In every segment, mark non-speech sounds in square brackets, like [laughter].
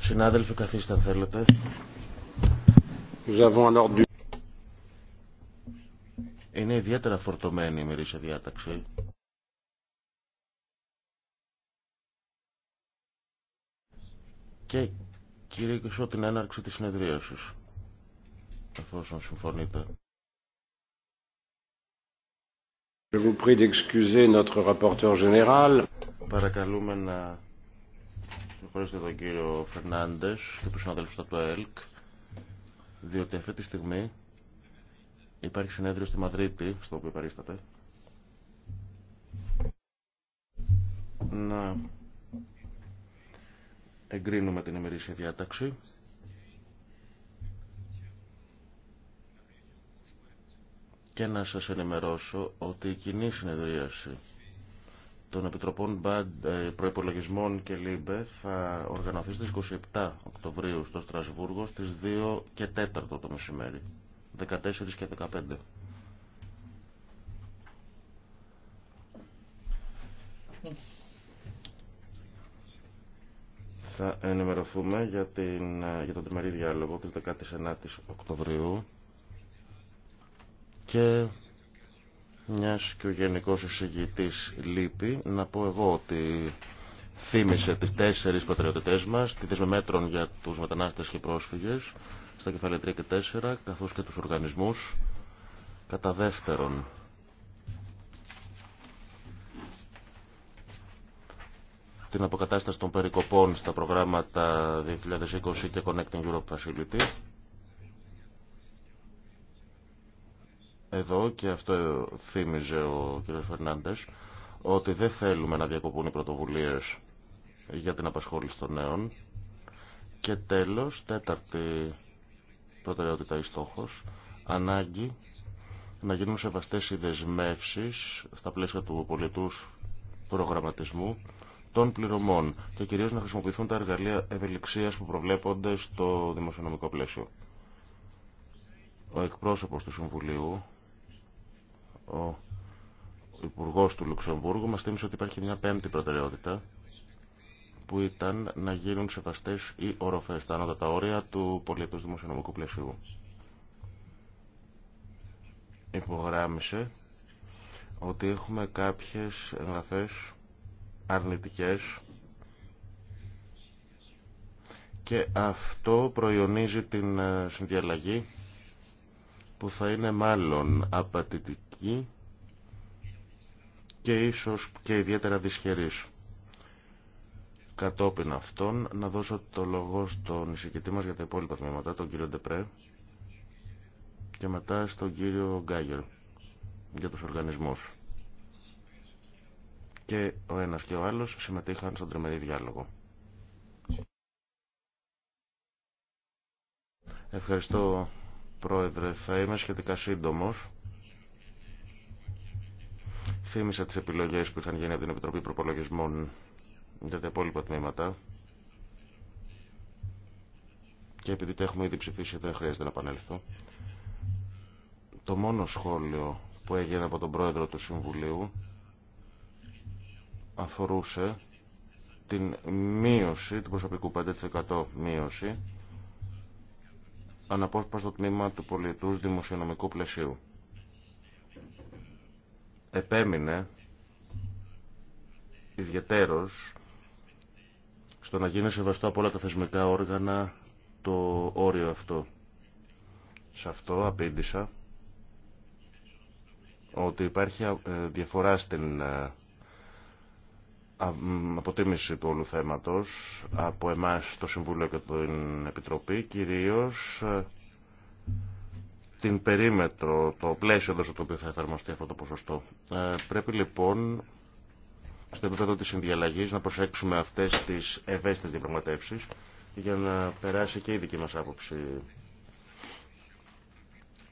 Συνάδελφοι, καθίστε αν θέλετε. Είναι ιδιαίτερα φορτωμένη η μερίσια διάταξη. Και κυρίω την έναρξη της συνεδρίαση. εφόσον συμφωνείτε. Je Παρακαλούμε να συγχωρήσετε τον κύριο Φερνάντε και του συναδέλφου από το ΕΛΚ, διότι αυτή τη στιγμή υπάρχει συνέδριο στη Μαδρίτη, στο οποίο παρίσταται. Να εγκρίνουμε την ημερήσια διάταξη. και να σας ενημερώσω ότι η κοινή συνεδρίαση των Επιτροπών ε, Προϋπολογισμών και ΛΥΜΠΕ θα οργανωθεί στις 27 Οκτωβρίου στο Στρασβούργο στις 2 και 4 το μεσημέρι, 14 και 15. Θα ενημερωθούμε για, την, ε, για τον τριμερή διάλογο της 19ης Οκτωβρίου και μιας και ο Γενικός Εισηγητής λείπει, να πω εγώ ότι θύμισε τις τέσσερις πατριωτητές μας, τη δεσμεμέτρων για τους μετανάστες και πρόσφυγες, στα κεφάλαια 3 και 4, καθώς και τους οργανισμούς. Κατά δεύτερον, την αποκατάσταση των περικοπών στα προγράμματα 2020 και Connecting Europe Facility. εδώ και αυτό θύμιζε ο κ. Φερνάντες ότι δεν θέλουμε να διακοπούν οι πρωτοβουλίες για την απασχόληση των νέων και τέλος τέταρτη προτεραιότητα ή στόχος ανάγκη να γίνουν σεβαστές οι δεσμεύσεις στα πλαίσια του πολιτού προγραμματισμού των πληρωμών και κυρίως να χρησιμοποιηθούν τα εργαλεία ευελιξία που προβλέπονται στο δημοσιονομικό πλαίσιο. Ο εκπρόσωπος του Συμβουλίου ο Υπουργό του Λουξεμβούργου μας θύμισε ότι υπάρχει μια πέμπτη προτεραιότητα που ήταν να γίνουν σεβαστές οι οροφές, τα ανώτατα όρια του πολιτικού δημοσιονομικού πλαισίου. Υπογράμμισε ότι έχουμε κάποιες εγγραφές αρνητικές και αυτό προϊονίζει την ε, συνδιαλλαγή που θα είναι μάλλον απατητική και ίσως και ιδιαίτερα δυσχερής. Κατόπιν αυτών, να δώσω το λόγο στον εισηγητή μας για τα υπόλοιπα τμήματα, τον κύριο Ντεπρέ, και μετά στον κύριο Γκάγερ για τους οργανισμούς. Και ο ένας και ο άλλος συμμετείχαν στον τριμερή διάλογο. Ευχαριστώ, Πρόεδρε. Θα είμαι σχετικά σύντομος. Θύμησα τις επιλογές που είχαν γίνει από την Επιτροπή Προπολογισμών για τα υπόλοιπα τμήματα και επειδή τα έχουμε ήδη ψηφίσει δεν χρειάζεται να επανέλθω. Το μόνο σχόλιο που έγινε από τον Πρόεδρο του Συμβουλίου αφορούσε την μείωση του προσωπικού 5% μείωση αναπόσπαστο τμήμα του πολιτούς δημοσιονομικού πλαισίου επέμεινε ιδιαιτέρως στο να γίνει σεβαστό από όλα τα θεσμικά όργανα το όριο αυτό. Σε αυτό απήντησα ότι υπάρχει ε, διαφορά στην ε, αποτίμηση του όλου θέματος από εμάς το Συμβούλιο και την Επιτροπή, κυρίως ε, την περίμετρο, το πλαίσιο το οποίο θα εφαρμοστεί αυτό το ποσοστό. Ε, πρέπει λοιπόν στο επίπεδο της συνδιαλλαγής να προσέξουμε αυτές τις ευαίσθητες διαπραγματεύσεις για να περάσει και η δική μας άποψη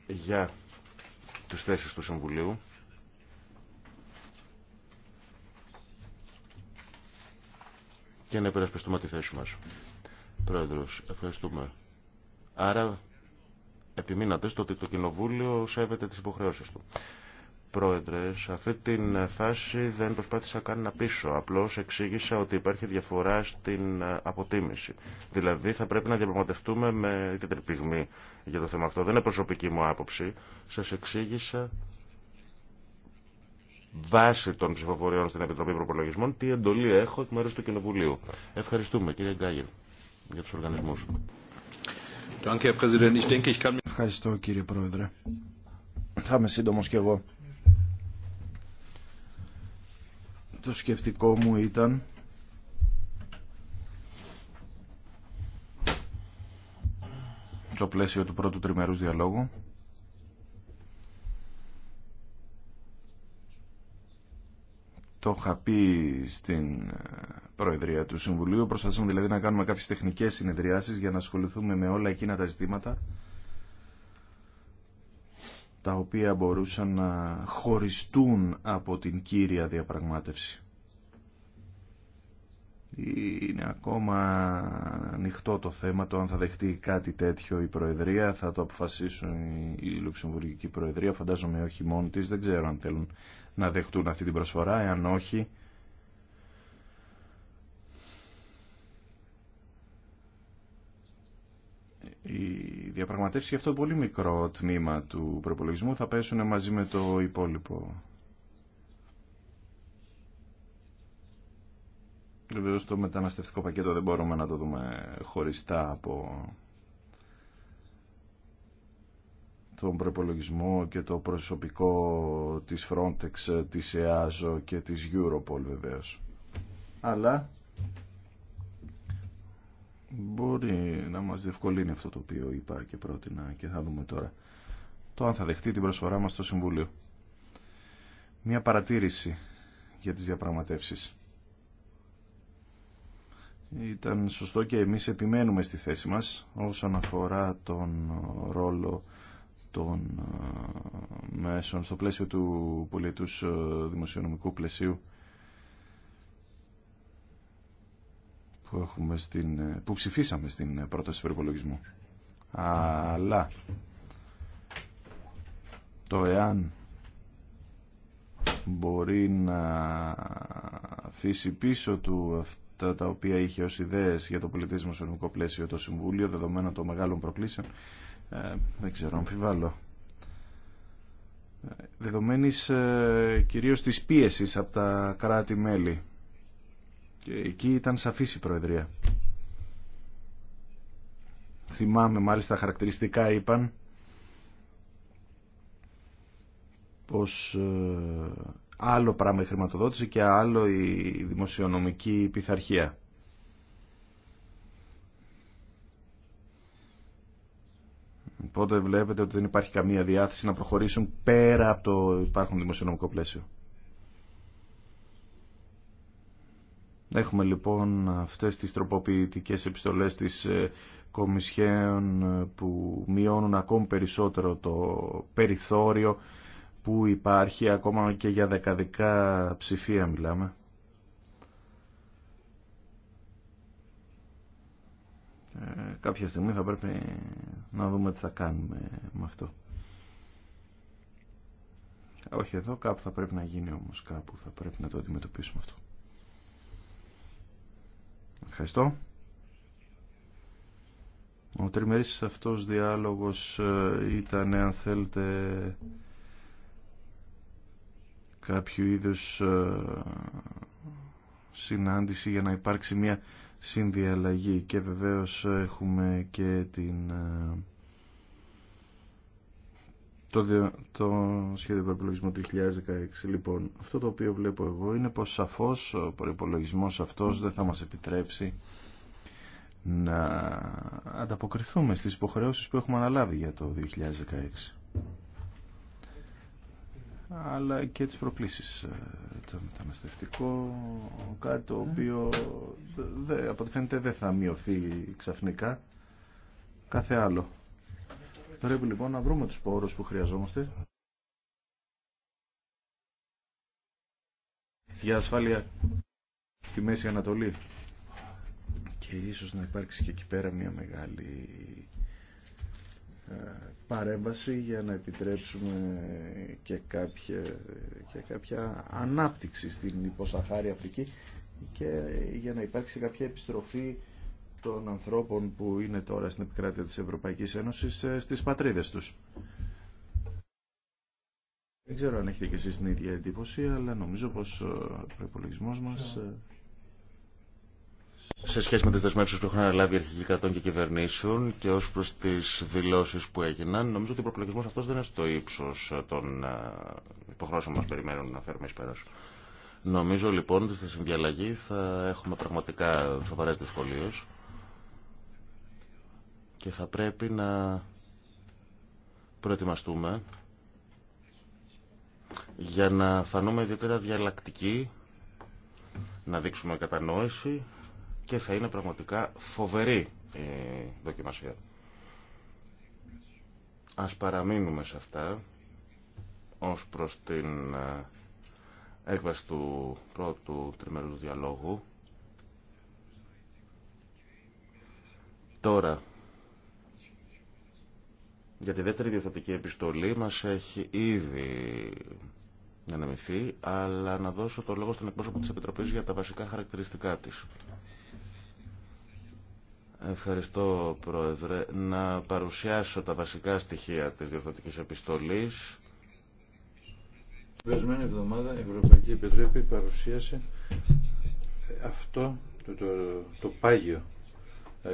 για τις θέσεις του Συμβουλίου. και να υπερασπιστούμε τη θέση μας. Πρόεδρος, ευχαριστούμε. Άρα επιμείνατε στο ότι το Κοινοβούλιο σέβεται τις υποχρεώσεις του. Πρόεδρε, σε αυτή την φάση δεν προσπάθησα καν να πείσω. Απλώ εξήγησα ότι υπάρχει διαφορά στην αποτίμηση. Δηλαδή θα πρέπει να διαπραγματευτούμε με ιδιαίτερη πυγμή για το θέμα αυτό. Δεν είναι προσωπική μου άποψη. Σα εξήγησα βάση των ψηφοφοριών στην Επιτροπή Προπολογισμών τι εντολή έχω εκ μέρου του Κοινοβουλίου. Ευχαριστούμε κύριε Γκάγερ για του οργανισμού. Ευχαριστώ κύριε Πρόεδρε. Θα είμαι σύντομο κι εγώ. Το σκεφτικό μου ήταν στο πλαίσιο του πρώτου τριμερούς διαλόγου το είχα πει στην ε, Προεδρία του Συμβουλίου. Προσπαθήσαμε δηλαδή να κάνουμε κάποιες τεχνικές συνεδριάσεις για να ασχοληθούμε με όλα εκείνα τα ζητήματα τα οποία μπορούσαν να χωριστούν από την κύρια διαπραγμάτευση. Είναι ακόμα ανοιχτό το θέμα το αν θα δεχτεί κάτι τέτοιο η Προεδρία, θα το αποφασίσουν η Λουξεμβουργική Προεδρία, φαντάζομαι όχι μόνη της, δεν ξέρω αν θέλουν να δεχτούν αυτή την προσφορά, εάν όχι... Οι διαπραγματεύσει για αυτό το πολύ μικρό τμήμα του προπολογισμού θα πέσουν μαζί με το υπόλοιπο. Βεβαίω το μεταναστευτικό πακέτο δεν μπορούμε να το δούμε χωριστά από τον προπολογισμό και το προσωπικό της Frontex, της EASO και της Europol βεβαίως. Αλλά μπορεί να μας διευκολύνει αυτό το οποίο είπα και πρότεινα και θα δούμε τώρα το αν θα δεχτεί την προσφορά μας στο Συμβούλιο. Μια παρατήρηση για τις διαπραγματεύσεις. Ήταν σωστό και εμείς επιμένουμε στη θέση μας όσον αφορά τον ρόλο των ε, μέσων στο πλαίσιο του πολιετούς ε, δημοσιονομικού πλαισίου που, έχουμε στην, ε, που ψηφίσαμε στην πρόταση περιπολογισμού. Αλλά το εάν μπορεί να αφήσει πίσω του αυτά τα οποία είχε ως ιδέες για το πολιτισμό δημοσιονομικό πλαίσιο το Συμβούλιο δεδομένων των μεγάλων προκλήσεων ε, δεν ξέρω, αμφιβάλλω. Δεδομένης ε, κυρίως της πίεσης από τα κράτη-μέλη. Και εκεί ήταν σαφής η Προεδρία. Θυμάμαι μάλιστα χαρακτηριστικά είπαν πως ε, άλλο πράγμα η χρηματοδότηση και άλλο η δημοσιονομική πειθαρχία. Οπότε βλέπετε ότι δεν υπάρχει καμία διάθεση να προχωρήσουν πέρα από το υπάρχον δημοσιονομικό πλαίσιο. Έχουμε λοιπόν αυτές τις τροποποιητικές επιστολές της ε, Κομισχέων ε, που μειώνουν ακόμη περισσότερο το περιθώριο που υπάρχει ακόμα και για δεκαδικά ψηφία μιλάμε. Ε, κάποια στιγμή θα πρέπει να δούμε τι θα κάνουμε με αυτό. Όχι εδώ, κάπου θα πρέπει να γίνει όμως, κάπου θα πρέπει να το αντιμετωπίσουμε αυτό. Ευχαριστώ. Ο τριμερής αυτός διάλογος ε, ήταν, αν θέλετε, κάποιο είδους ε, συνάντηση για να υπάρξει μια συνδιαλλαγή και βεβαίως έχουμε και την, ε, το, το σχέδιο προπολογισμού του 2016. Λοιπόν, αυτό το οποίο βλέπω εγώ είναι πως σαφώς ο προπολογισμό αυτός δεν θα μας επιτρέψει να ανταποκριθούμε στις υποχρεώσεις που έχουμε αναλάβει για το 2016 αλλά και τις προκλήσεις ε, το μεταναστευτικό κάτι το ναι. οποίο δε, από ό,τι φαίνεται δεν θα μειωθεί ξαφνικά κάθε άλλο πρέπει λοιπόν να βρούμε τους πόρους που χρειαζόμαστε για ασφάλεια στη Μέση Ανατολή και ίσως να υπάρξει και εκεί πέρα μια μεγάλη ε, παρέμβαση για να επιτρέψουμε και κάποια, και κάποια ανάπτυξη στην υποσαχάρη Αφρική και για να υπάρξει κάποια επιστροφή των ανθρώπων που είναι τώρα στην επικράτεια της Ευρωπαϊκής Ένωσης ε, στις πατρίδες τους. Δεν ξέρω αν έχετε και εσείς την ίδια εντύπωση, αλλά νομίζω πως ο προπολογισμό μας ναι. ε, σε σχέση με τις δεσμεύσει που έχουν αναλάβει οι αρχηγοί κρατών και κυβερνήσεων και ως προς τις δηλώσεις που έγιναν, νομίζω ότι ο προπολογισμό αυτό δεν είναι στο ύψο των ε, υποχρώσεων που μας περιμένουν να φέρουμε ει πέρα. Νομίζω λοιπόν ότι στη συνδιαλλαγή θα έχουμε πραγματικά σοβαρές δυσκολίε και θα πρέπει να προετοιμαστούμε για να φανούμε ιδιαίτερα διαλλακτικοί, να δείξουμε κατανόηση και θα είναι πραγματικά φοβερή η δοκιμασία. Ας παραμείνουμε σε αυτά ως προς την ε, έκβαση του πρώτου τριμερού διαλόγου. Τώρα, για τη δεύτερη διευθυντική επιστολή μας έχει ήδη να αλλά να δώσω το λόγο στον εκπρόσωπο της Επιτροπής για τα βασικά χαρακτηριστικά της. Ευχαριστώ, Πρόεδρε. Να παρουσιάσω τα βασικά στοιχεία της διορθωτικής επιστολής. Την εβδομάδα η Ευρωπαϊκή Επιτροπή παρουσίασε αυτό το, το, πάγιο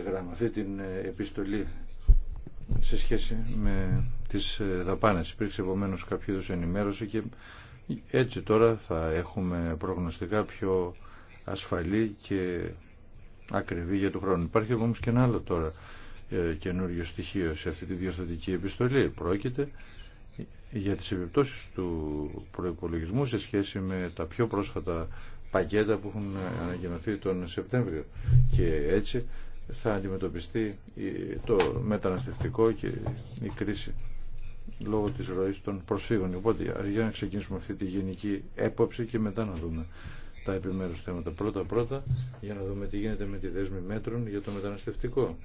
γράμμα, αυτή την ε, επιστολή σε σχέση με τις ε, δαπάνες. Υπήρξε επομένω κάποιο είδους ενημέρωση και έτσι τώρα θα έχουμε προγνωστικά πιο ασφαλή και ακριβή για χρόνο Υπάρχει όμω και ένα άλλο τώρα ε, καινούριο στοιχείο σε αυτή τη διορθωτική επιστολή. Πρόκειται για τις επιπτώσεις του προϋπολογισμού σε σχέση με τα πιο πρόσφατα πακέτα που έχουν ανακοινωθεί τον Σεπτέμβριο. Και έτσι θα αντιμετωπιστεί το μεταναστευτικό και η κρίση λόγω της ροής των προσφύγων. Οπότε για να ξεκινήσουμε αυτή τη γενική έποψη και μετά να δούμε τα επιμέρους θέματα. Πρώτα-πρώτα για να δούμε τι γίνεται με τη δέσμη μέτρων για το μεταναστευτικό.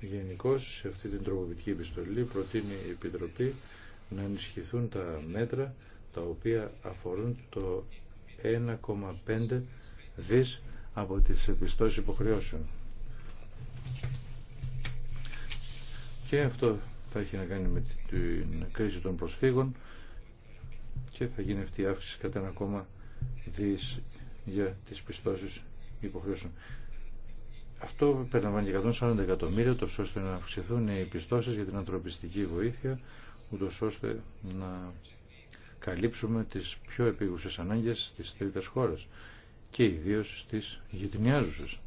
Γενικώ σε αυτή την τροποποιητική επιστολή προτείνει η Επιτροπή να ενισχυθούν τα μέτρα τα οποία αφορούν το 1,5 δις από τις επιστώσεις υποχρεώσεων. Και αυτό θα έχει να κάνει με την κρίση των προσφύγων και θα γίνει αυτή η αύξηση κατά ένα ακόμα δις για τις πιστώσεις υποχρεώσεων. Αυτό περιλαμβάνει και 140 εκατομμύρια, τόσο ώστε να αυξηθούν οι πιστώσεις για την ανθρωπιστική βοήθεια, ούτως ώστε να καλύψουμε τις πιο επίγουσες ανάγκες της τρίτης χώρας και ιδίω στις γειτονιάζουσες.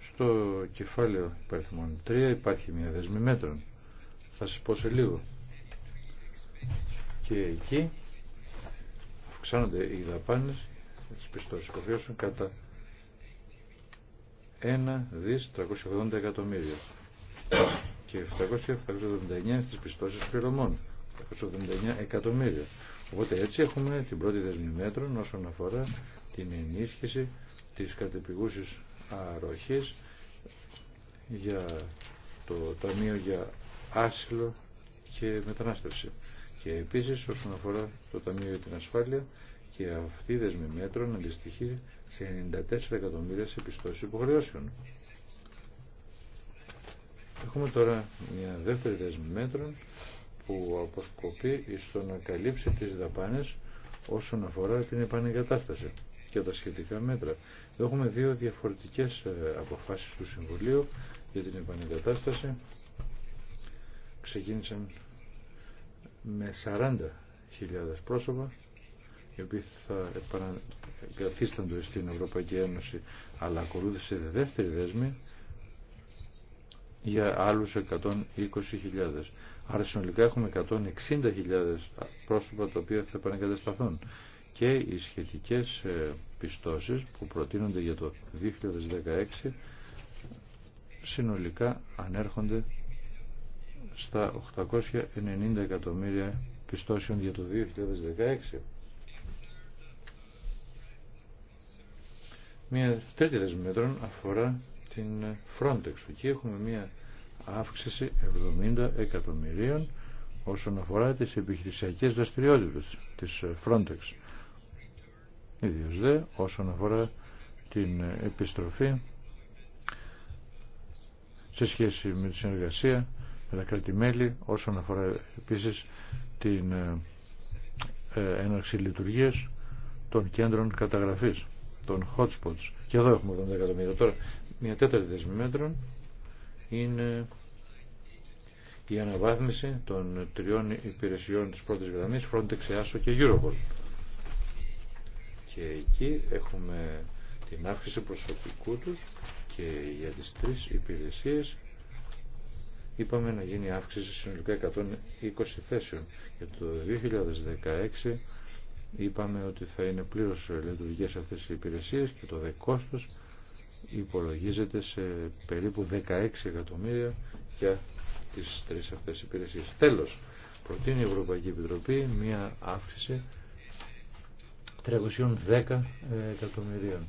Στο κεφάλαιο υπαριθμών 3 υπάρχει μια δεσμή μέτρων. Θα σας πω σε λίγο και εκεί αυξάνονται οι δαπάνες της πιστώσης υποχρεώσεων κατά 1 δις 380 εκατομμύρια και 779 στις πιστώσει πληρωμών 379 εκατομμύρια οπότε έτσι έχουμε την πρώτη δεσμή μέτρων όσον αφορά την ενίσχυση της κατεπηγούσης αροχής για το Ταμείο για Άσυλο και Μετανάστευση. Και επίσης όσον αφορά το Ταμείο για την Ασφάλεια και αυτή η δεσμή μέτρων αντιστοιχεί σε 94 εκατομμύρια σε πιστώσει υποχρεώσεων. Έχουμε τώρα μια δεύτερη δεσμή μέτρων που αποσκοπεί στο να καλύψει τις δαπάνες όσον αφορά την επανεγκατάσταση και τα σχετικά μέτρα. Έχουμε δύο διαφορετικές ε, αποφάσεις του Συμβουλίου για την επανεγκατάσταση. Ξεκίνησαν με 40.000 πρόσωπα οι οποίοι θα επαναγκαθίστανται στην Ευρωπαϊκή Ένωση αλλά ακολούθησε δεύτερη δέσμη για άλλους 120.000. Άρα συνολικά έχουμε 160.000 πρόσωπα τα οποία θα επανακατασταθούν και οι σχετικές ε, πιστώσεις που προτείνονται για το 2016 συνολικά ανέρχονται στα 890 εκατομμύρια πιστώσεων για το 2016. Μία τρίτη μέτρων αφορά την Frontex. Εκεί έχουμε μία αύξηση 70 εκατομμυρίων όσον αφορά τις επιχειρησιακές δραστηριότητες της Frontex. Ιδίως δε όσον αφορά την επιστροφή σε σχέση με τη συνεργασία με τα κρατη όσον αφορά επίσης την ε, ε, έναρξη λειτουργίας των κέντρων καταγραφής, των hotspots. Και εδώ έχουμε τον δεκατομμύριο Τώρα, μια τέταρτη δεσμή είναι η αναβάθμιση των τριών υπηρεσιών της πρώτης γραμμής, Frontex, EASO και Europol. Και εκεί έχουμε την αύξηση προσωπικού τους και για τις τρεις υπηρεσίες είπαμε να γίνει αύξηση συνολικά 120 θέσεων. Και το 2016 είπαμε ότι θα είναι πλήρως λειτουργικέ αυτές οι υπηρεσίες και το δε υπολογίζεται σε περίπου 16 εκατομμύρια για τις τρεις αυτές υπηρεσίες. Τέλος, προτείνει η Ευρωπαϊκή Επιτροπή μία αύξηση 310 εκατομμυρίων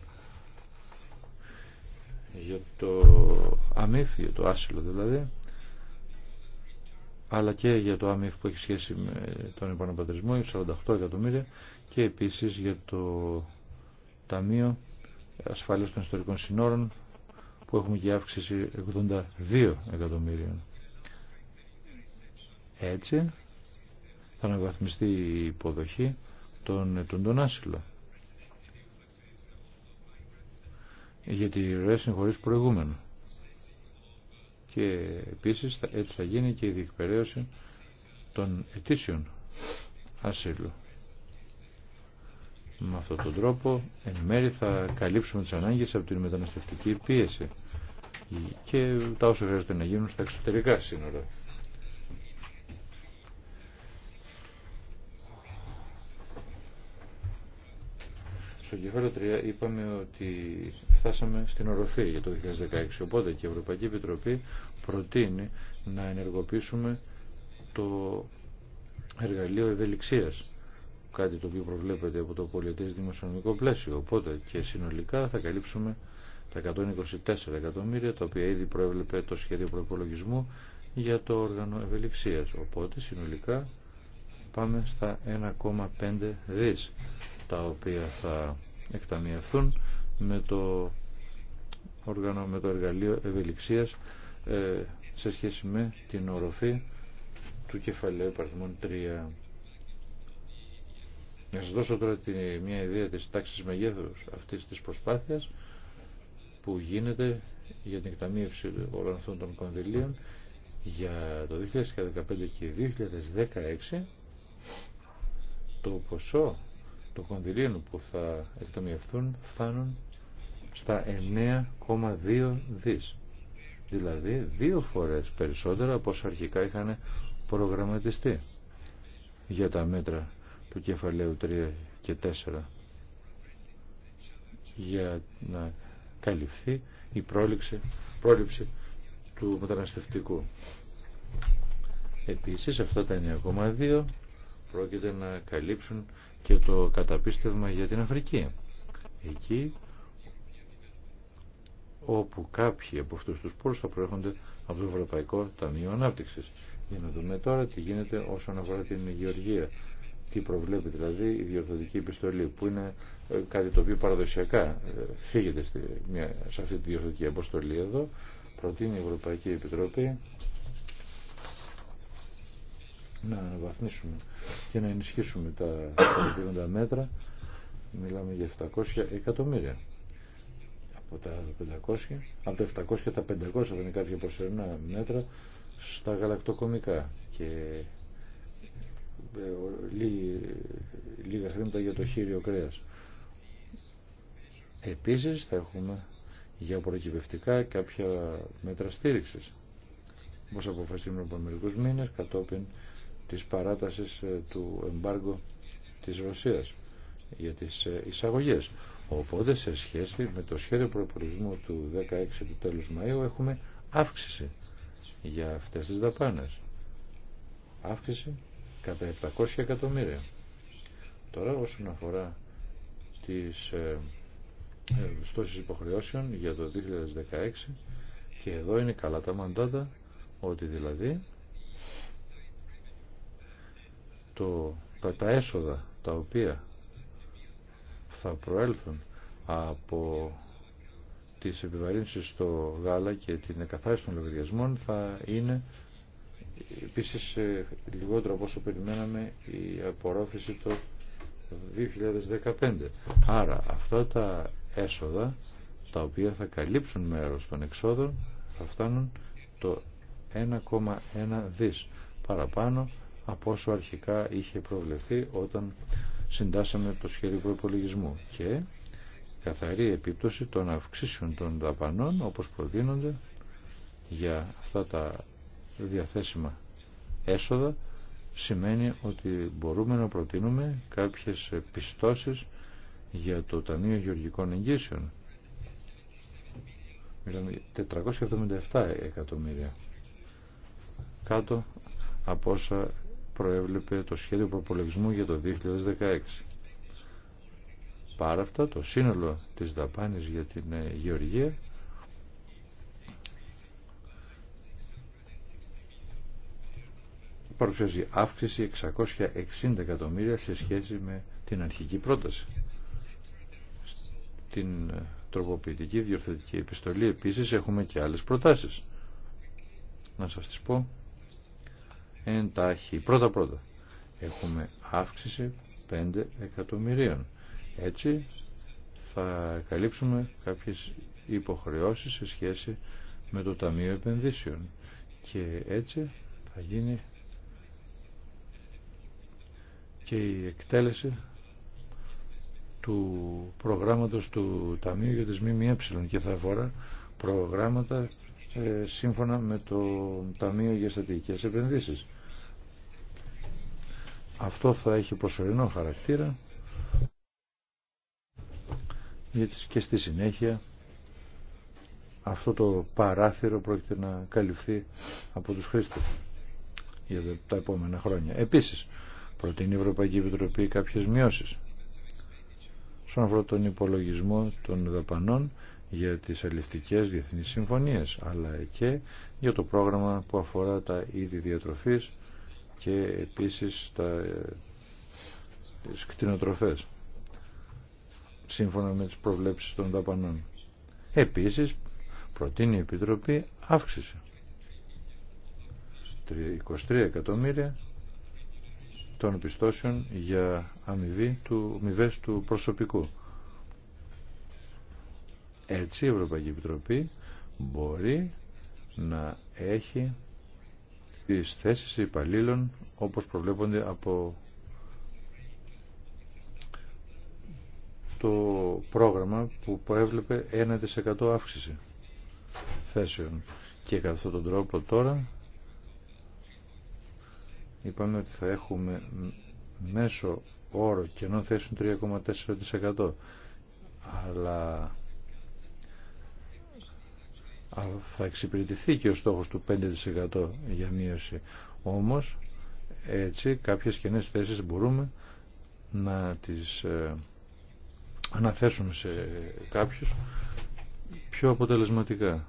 για το για το άσυλο δηλαδή αλλά και για το ΆΜΕΦ που έχει σχέση με τον επαναπατρισμό, 48 εκατομμύρια και επίσης για το Ταμείο Ασφάλειας των Ιστορικών Συνόρων που έχουμε και αύξηση 82 εκατομμύρια. Έτσι θα αναβαθμιστεί η υποδοχή των, ετούντων άσυλων. Γιατί η είναι χωρίς προηγούμενο και επίσης έτσι θα γίνει και η διεκπαιρέωση των αιτήσεων ασύλου. Με αυτόν τον τρόπο εν μέρη θα καλύψουμε τις ανάγκες από την μεταναστευτική πίεση και τα όσα χρειάζεται να γίνουν στα εξωτερικά σύνορα. στο κεφάλαιο 3 είπαμε ότι φτάσαμε στην οροφή για το 2016. Οπότε και η Ευρωπαϊκή Επιτροπή προτείνει να ενεργοποιήσουμε το εργαλείο ευελιξίας κάτι το οποίο προβλέπεται από το πολιτές δημοσιονομικό πλαίσιο. Οπότε και συνολικά θα καλύψουμε τα 124 εκατομμύρια τα οποία ήδη προέβλεπε το σχέδιο προπολογισμού για το όργανο ευελιξίας. Οπότε συνολικά πάμε στα 1,5 δις τα οποία θα εκταμιευθούν με το, όργανο, με το εργαλείο ευελιξίας ε, σε σχέση με την οροφή του κεφαλαίου παρθμών 3. Να σας δώσω τώρα τη, μια ιδέα της τάξης μεγέθους αυτής της προσπάθειας που γίνεται για την εκταμίευση όλων αυτών των κονδυλίων για το 2015 και 2016 το ποσό των κονδυλίων που θα εκτομιευθούν φτάνουν στα 9,2 δις. Δηλαδή δύο φορές περισσότερα από όσο αρχικά είχαν προγραμματιστεί για τα μέτρα του κεφαλαίου 3 και 4 για να καλυφθεί η πρόληψη, πρόληψη του μεταναστευτικού. Επίσης αυτά τα 9,2 πρόκειται να καλύψουν και το καταπίστευμα για την Αφρική. Εκεί όπου κάποιοι από αυτού του πόρου θα προέρχονται από το Ευρωπαϊκό Ταμείο Ανάπτυξη. Για να δούμε τώρα τι γίνεται όσον αφορά την γεωργία. Τι προβλέπει δηλαδή η διορθωτική επιστολή που είναι ε, κάτι το οποίο παραδοσιακά φύγεται ε, σε αυτή τη διορθωτική αποστολή εδώ. Προτείνει η Ευρωπαϊκή Επιτροπή να αναβαθμίσουμε και να ενισχύσουμε τα 50 μέτρα. Μιλάμε για 700 εκατομμύρια. Από τα, 500, από τα 700 τα 500 θα είναι κάποια προσωρινά μέτρα στα γαλακτοκομικά και ε, λίγα χρήματα για το χείριο κρέας. Επίσης θα έχουμε για προκυβευτικά κάποια μέτρα στήριξης όπως αποφασίσουμε από μερικούς μήνες κατόπιν της παράτασης ε, του εμπάργου της Ρωσίας για τις ε, εισαγωγές. Οπότε σε σχέση με το σχέδιο προπολισμού του 16 του τέλους Μαΐου έχουμε αύξηση για αυτές τις δαπάνες. Αύξηση κατά 700 εκατομμύρια. Τώρα όσον αφορά τις ε, στόσεις υποχρεώσεων για το 2016 και εδώ είναι καλά τα μαντάτα ότι δηλαδή το, τα, τα έσοδα τα οποία θα προέλθουν από τις επιβαρύνσεις στο γάλα και την εκαθάριση των λογαριασμών θα είναι επίσης ε, λιγότερο από όσο περιμέναμε η απορρόφηση το 2015. Άρα αυτά τα έσοδα τα οποία θα καλύψουν μέρος των εξόδων θα φτάνουν το 1,1 δις παραπάνω από όσο αρχικά είχε προβλεφθεί όταν συντάσαμε το σχέδιο προπολογισμού και καθαρή επίπτωση των αυξήσεων των δαπανών όπως προτείνονται για αυτά τα διαθέσιμα έσοδα σημαίνει ότι μπορούμε να προτείνουμε κάποιες πιστώσεις για το Ταμείο Γεωργικών Εγγύσεων. Μιλάμε 477 εκατομμύρια κάτω από όσα προέβλεπε το σχέδιο προπολογισμού για το 2016. Παρά αυτά, το σύνολο της δαπάνης για την ε, γεωργία παρουσιάζει αύξηση 660 εκατομμύρια σε σχέση με την αρχική πρόταση. Την ε, τροποποιητική διορθωτική επιστολή επίσης έχουμε και άλλες προτάσεις. Να σας τις πω εντάχει. Πρώτα πρώτα έχουμε αύξηση 5 εκατομμυρίων. Έτσι θα καλύψουμε κάποιες υποχρεώσεις σε σχέση με το Ταμείο Επενδύσεων και έτσι θα γίνει και η εκτέλεση του προγράμματος του Ταμείου για τις ΜΜΕ και θα αφορά προγράμματα ε, σύμφωνα με το Ταμείο για Στατικές Επενδύσεις αυτό θα έχει προσωρινό χαρακτήρα γιατί και στη συνέχεια αυτό το παράθυρο πρόκειται να καλυφθεί από τους χρήστες για τα επόμενα χρόνια. Επίσης, προτείνει η Ευρωπαϊκή Επιτροπή κάποιες μειώσεις στον αφορά τον υπολογισμό των δαπανών για τις αλληλευτικές διεθνείς συμφωνίες αλλά και για το πρόγραμμα που αφορά τα είδη διατροφής και επίσης τα ε, κτηνοτροφές σύμφωνα με τις προβλέψεις των δαπανών. Επίσης προτείνει η Επιτροπή αύξηση 23 εκατομμύρια των πιστώσεων για αμοιβή του, αμοιβές του προσωπικού. Έτσι η Ευρωπαϊκή Επιτροπή μπορεί να έχει τις θέσεις υπαλλήλων όπως προβλέπονται από το πρόγραμμα που προέβλεπε 1% αύξηση θέσεων. Και κατά αυτόν τον τρόπο τώρα είπαμε ότι θα έχουμε μέσο όρο κενών θέσεων 3,4%. Αλλά θα εξυπηρετηθεί και ο στόχος του 5% για μείωση. Όμως έτσι κάποιες κενές θέσεις μπορούμε να τις ε, αναθέσουμε σε κάποιους πιο αποτελεσματικά.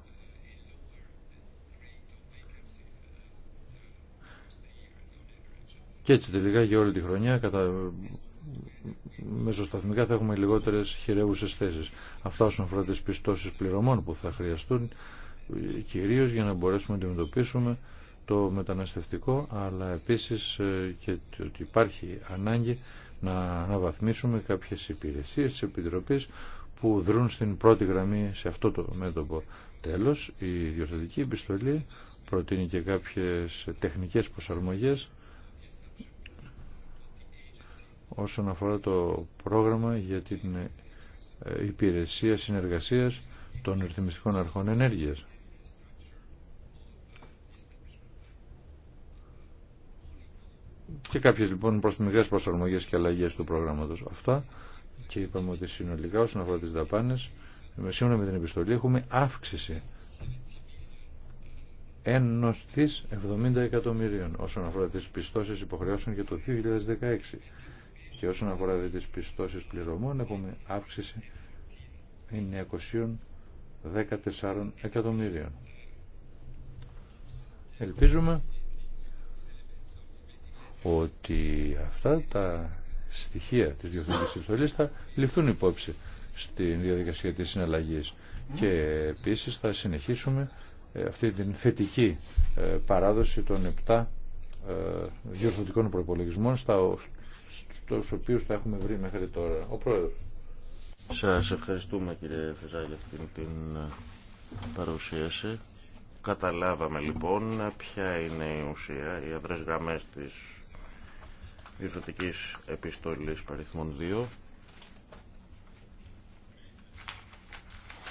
Και έτσι τελικά για όλη τη χρονιά κατά μεσοσταθμικά θα έχουμε λιγότερες χειρεύουσες θέσεις. Αυτά όσον αφορά τις πιστώσεις πληρωμών που θα χρειαστούν κυρίως για να μπορέσουμε να αντιμετωπίσουμε το μεταναστευτικό αλλά επίσης ε, και ότι υπάρχει ανάγκη να αναβαθμίσουμε κάποιες υπηρεσίες της Επιτροπής που δρούν στην πρώτη γραμμή σε αυτό το μέτωπο. Τέλος, η διορθωτική επιστολή προτείνει και κάποιες τεχνικές προσαρμογές όσον αφορά το πρόγραμμα για την ε, υπηρεσία συνεργασίας των ρυθμιστικών αρχών ενέργειας. Και κάποιες λοιπόν προς μικρές προσαρμογές και αλλαγές του προγράμματος. Αυτά και είπαμε ότι συνολικά όσον αφορά τις δαπάνες, σύμφωνα με την επιστολή έχουμε αύξηση ένος της 70 εκατομμυρίων όσον αφορά τις πιστώσεις υποχρεώσεων για το 2016. Και όσον αφορά τις πιστώσεις πληρωμών έχουμε αύξηση 914 εκατομμύριων. Ελπίζουμε ότι αυτά τα στοιχεία της διορθωτικής επιστολής θα ληφθούν υπόψη στην διαδικασία της συναλλαγής και επίσης θα συνεχίσουμε ε, αυτή την θετική ε, παράδοση των 7 ε, διορθωτικών προπολογισμών στα τους οποίους τα έχουμε βρει μέχρι τώρα. Ο Πρόεδρος. Σας ευχαριστούμε κύριε Φεζά για αυτήν την ε, παρουσίαση. Καταλάβαμε λοιπόν ποια είναι η ουσία, οι αδρές γραμμές της διευθυντικής επιστολής παριθμών 2.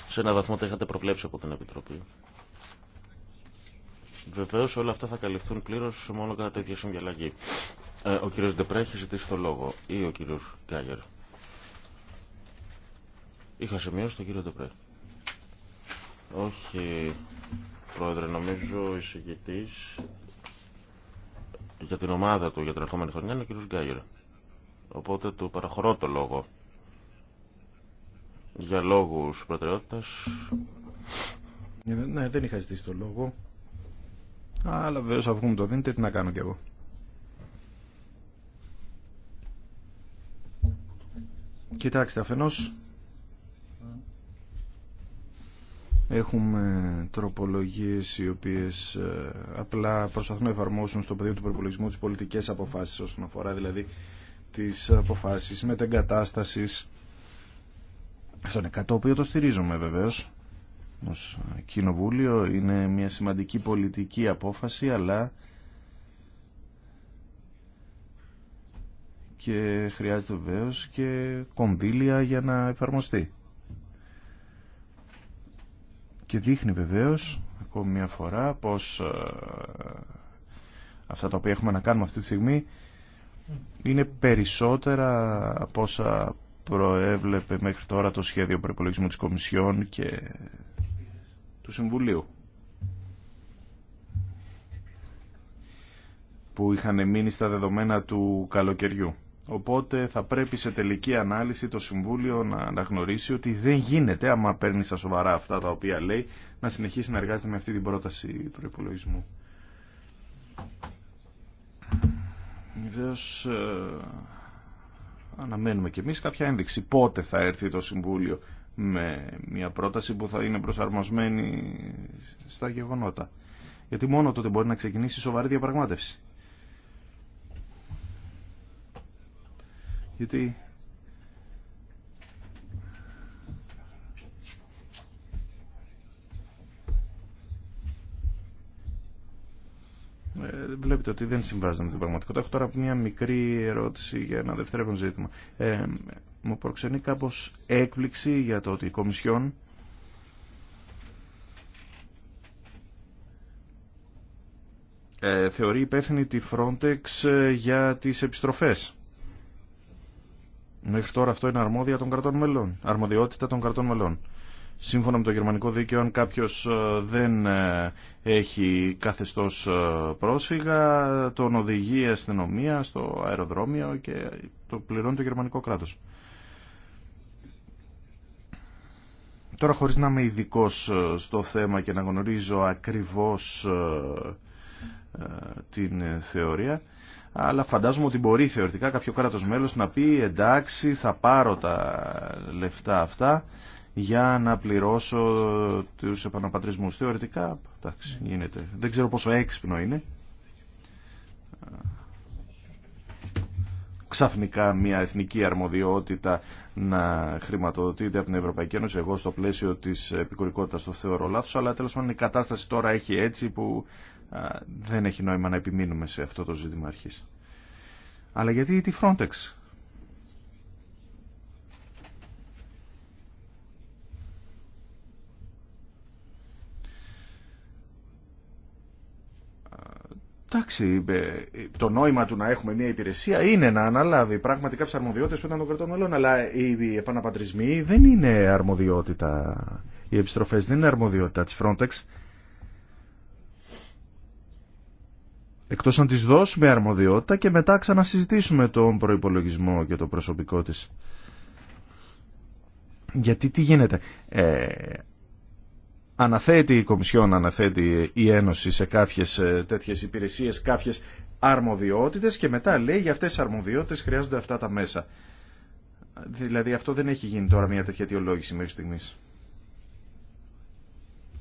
Σε ένα βαθμό τα είχατε προβλέψει από την Επιτροπή. Βεβαίω όλα αυτά θα καλυφθούν πλήρως μόνο κατά τέτοια συμβιαλλαγή. Ε, ο κύριος Ντεπρέ έχει ζητήσει το λόγο ή ο κύριος Γκάγερ. Είχα σημειώσει τον κύριο Ντεπρέ. Όχι, πρόεδρε, νομίζω ο εισηγητής για την ομάδα του για την ερχόμενη χρονιά είναι ο κύριος Γκάγερ. Οπότε του παραχωρώ το λόγο. Για λόγους προτεραιότητας. Ναι, δεν είχα ζητήσει το λόγο. Αλλά βέβαια αφού μου το δίνετε, τι να κάνω κι εγώ. Κοιτάξτε, αφενός έχουμε τροπολογίες οι οποίες ε, απλά προσπαθούν να εφαρμόσουν στο πεδίο του προπολογισμού τις πολιτικές αποφάσεις όσον αφορά δηλαδή τις αποφάσεις μετεγκατάστασης Αυτό είναι το οποίο το στηρίζουμε βεβαίως ως κοινοβούλιο είναι μια σημαντική πολιτική απόφαση αλλά και χρειάζεται βεβαίω και κονδύλια για να εφαρμοστεί. Και δείχνει βεβαίω, ακόμη μια φορά πως ε, αυτά τα οποία έχουμε να κάνουμε αυτή τη στιγμή είναι περισσότερα από όσα προέβλεπε μέχρι τώρα το σχέδιο προπολογισμού της Κομισιόν και του Συμβουλίου. που είχαν μείνει στα δεδομένα του καλοκαιριού. Οπότε θα πρέπει σε τελική ανάλυση το Συμβούλιο να αναγνωρίσει ότι δεν γίνεται, άμα παίρνει στα σοβαρά αυτά τα οποία λέει, να συνεχίσει να εργάζεται με αυτή την πρόταση προπολογισμού. Βεβαίω ε, αναμένουμε κι εμεί κάποια ένδειξη πότε θα έρθει το Συμβούλιο με μια πρόταση που θα είναι προσαρμοσμένη στα γεγονότα. Γιατί μόνο τότε μπορεί να ξεκινήσει σοβαρή διαπραγμάτευση. Γιατί ε, βλέπετε ότι δεν συμβάζεται με την πραγματικότητα. Έχω τώρα μια μικρή ερώτηση για ένα δευτερεύον ζήτημα. Ε, μου προξενεί κάπως έκπληξη για το ότι η Κομισιόν ε, θεωρεί υπεύθυνη τη Frontex ε, για τις επιστροφές. Μέχρι τώρα αυτό είναι αρμόδια των κρατών μελών, αρμοδιότητα των κρατών μελών. Σύμφωνα με το γερμανικό δίκαιο, αν κάποιος ε, δεν ε, έχει καθεστώ ε, πρόσφυγα, τον οδηγεί η αστυνομία στο αεροδρόμιο και το πληρώνει το γερμανικό κράτο. Τώρα χωρίς να είμαι ειδικό στο θέμα και να γνωρίζω ακριβώς την θεωρία, αλλά φαντάζομαι ότι μπορεί θεωρητικά κάποιο κράτος μέλος να πει εντάξει θα πάρω τα λεφτά αυτά για να πληρώσω τους επαναπατρισμούς. Θεωρητικά, εντάξει, ναι. γίνεται. Δεν ξέρω πόσο έξυπνο είναι. Ξαφνικά μια εθνική αρμοδιότητα να χρηματοδοτείται από την Ευρωπαϊκή Ένωση. Εγώ στο πλαίσιο της επικουρικότητας το θεωρώ λάθος, αλλά τέλος πάντων η κατάσταση τώρα έχει έτσι που δεν έχει νόημα να επιμείνουμε σε αυτό το ζήτημα αρχής. Αλλά γιατί τη Frontex. Εντάξει, ε, το νόημα του να έχουμε μια υπηρεσία είναι να αναλάβει πραγματικά κάποιε αρμοδιότητε που ήταν των κρατών μελών. Αλλά οι επαναπατρισμοί δεν είναι αρμοδιότητα. Οι επιστροφέ δεν είναι αρμοδιότητα τη Frontex. εκτός να τις δώσουμε αρμοδιότητα και μετά ξανασυζητήσουμε τον προϋπολογισμό και το προσωπικό της. Γιατί τι γίνεται. Ε, αναθέτει η Κομισιόν, αναθέτει η Ένωση σε κάποιες ε, τέτοιες υπηρεσίες, κάποιες αρμοδιότητες και μετά λέει για αυτές τις αρμοδιότητες χρειάζονται αυτά τα μέσα. Δηλαδή αυτό δεν έχει γίνει τώρα μια τέτοια αιτιολόγηση μέχρι στιγμής.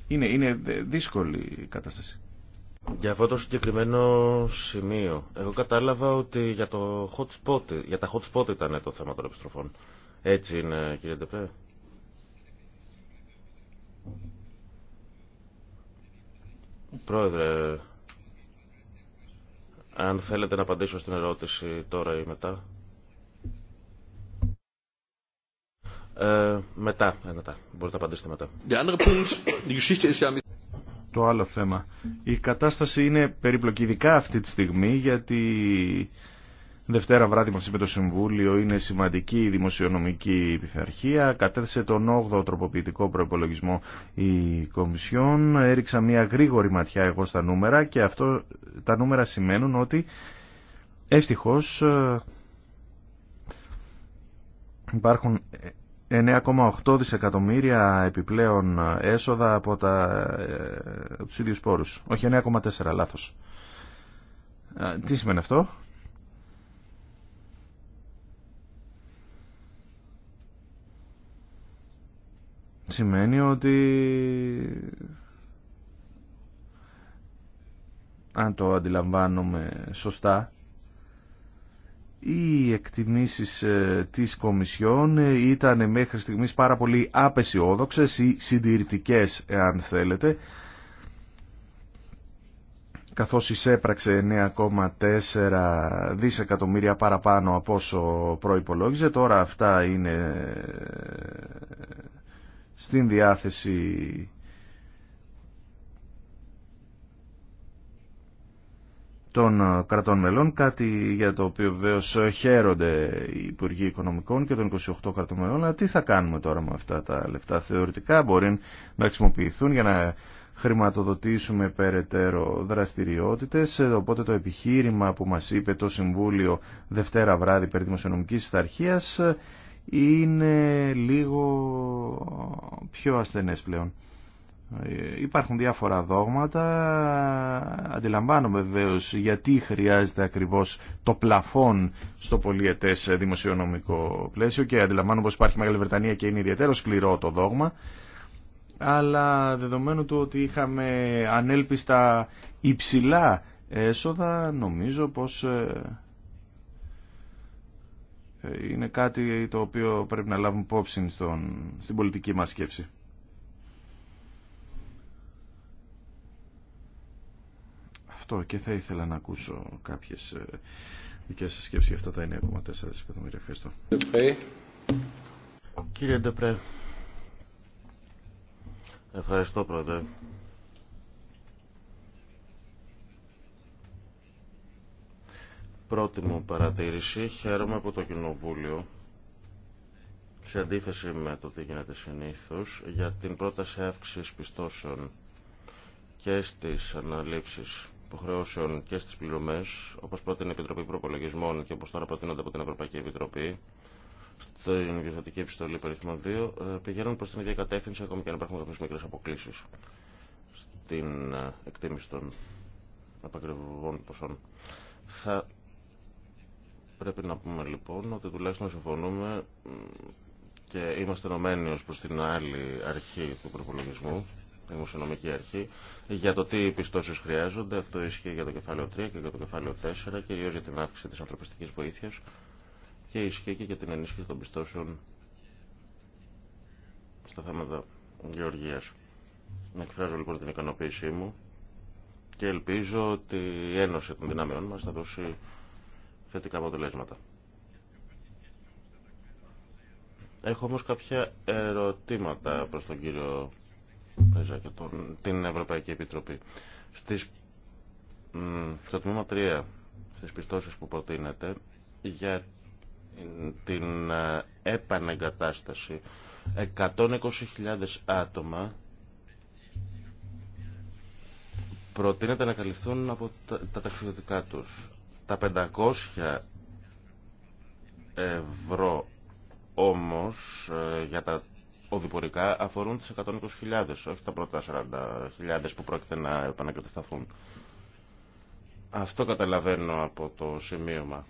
Είναι, είναι δύσκολη η κατάσταση. Για αυτό το συγκεκριμένο σημείο, εγώ κατάλαβα ότι για, το hot για τα hot spot ήταν το θέμα των επιστροφών. Έτσι είναι κύριε Ντεπρέ. Πρόεδρε, αν θέλετε να απαντήσω στην ερώτηση τώρα ή μετά. Ε, μετά, ε, μετά. Μπορείτε να απαντήσετε μετά το άλλο θέμα. Η κατάσταση είναι περίπλοκη, ειδικά αυτή τη στιγμή, γιατί Δευτέρα βράδυ μας είπε το Συμβούλιο, είναι σημαντική η δημοσιονομική πειθαρχία, κατέθεσε τον 8ο τροποποιητικό προπολογισμό η Κομισιόν, έριξα μια γρήγορη ματιά εγώ στα νούμερα και αυτό τα νούμερα σημαίνουν ότι ευτυχώς ε, υπάρχουν 9,8 δισεκατομμύρια επιπλέον έσοδα από τα, ε, τους ίδιους πόρους. Όχι 9,4, λάθος. τι σημαίνει αυτό? Σημαίνει ότι αν το αντιλαμβάνομαι σωστά οι εκτιμήσεις ε, της Κομισιόν ε, ήταν μέχρι στιγμής πάρα πολύ απεσιόδοξες ή συντηρητικές εάν θέλετε καθώς εισέπραξε 9,4 δισεκατομμύρια παραπάνω από όσο προϋπολόγιζε τώρα αυτά είναι ε, στην διάθεση των ε, κρατών μελών, κάτι για το οποίο βεβαίω χαίρονται οι Υπουργοί Οικονομικών και των 28 κρατών μελών. τι θα κάνουμε τώρα με αυτά τα λεφτά θεωρητικά, μπορεί να χρησιμοποιηθούν για να χρηματοδοτήσουμε περαιτέρω δραστηριότητες, ε, οπότε το επιχείρημα που μας είπε το Συμβούλιο Δευτέρα βράδυ περί δημοσιονομικής ε, είναι λίγο πιο ασθενές πλέον. Ε, υπάρχουν διάφορα δόγματα, αντιλαμβάνομαι βεβαίω γιατί χρειάζεται ακριβώς το πλαφόν στο πολιετές δημοσιονομικό πλαίσιο και αντιλαμβάνομαι πως υπάρχει Μεγάλη Βρετανία και είναι ιδιαίτερο σκληρό το δόγμα αλλά δεδομένου του ότι είχαμε ανέλπιστα υψηλά έσοδα νομίζω πως ε, ε, είναι κάτι το οποίο πρέπει να λάβουμε υπόψη στην πολιτική μας σκέψη. αυτό και θα ήθελα να ακούσω κάποιες ε, δικές σας σκέψεις για αυτά τα 9,4 δισεκατομμύρια. Ευχαριστώ. Κύριε Ντεπρέ, ευχαριστώ πρόεδρε. Πρώτη μου παρατήρηση, χαίρομαι από το Κοινοβούλιο σε αντίθεση με το τι γίνεται συνήθως για την πρόταση αύξησης πιστώσεων και στις αναλήψεις υποχρεώσεων και στις πληρωμές, όπως πρότεινε η Επιτροπή Προπολογισμών και όπως τώρα προτείνονται από την Ευρωπαϊκή Επιτροπή, στην Διευθυντική Επιστολή Περιθμών 2, ε, πηγαίνουν προς την ίδια κατεύθυνση, ακόμη και αν υπάρχουν κάποιες μικρές αποκλήσεις στην ε, εκτίμηση των απακριβών ποσών. Θα πρέπει να πούμε λοιπόν ότι τουλάχιστον συμφωνούμε και είμαστε ενωμένοι ως προς την άλλη αρχή του προπολογισμού Δημοσιονομική Αρχή για το τι πιστώσει χρειάζονται. Αυτό ισχύει για το κεφάλαιο 3 και για το κεφάλαιο 4, κυρίω για την αύξηση τη ανθρωπιστική βοήθεια και ισχύει και για την ενίσχυση των πιστώσεων στα θέματα γεωργία. Να εκφράζω λοιπόν την ικανοποίησή μου και ελπίζω ότι η ένωση των δυνάμεών μα θα δώσει θετικά αποτελέσματα. Έχω όμως κάποια ερωτήματα προς τον κύριο και τον, την Ευρωπαϊκή Επιτροπή. Στις, στο τμήμα 3, στις πιστώσεις που προτείνεται, για την ε, επανεγκατάσταση 120.000 άτομα προτείνεται να καλυφθούν από τα, τα ταξιδιωτικά τους. Τα 500 ευρώ όμως ε, για τα οδηπορικά αφορούν τις 120.000, όχι τα πρώτα 40.000 που πρόκειται να επανακατασταθούν. Αυτό καταλαβαίνω από το σημείωμα.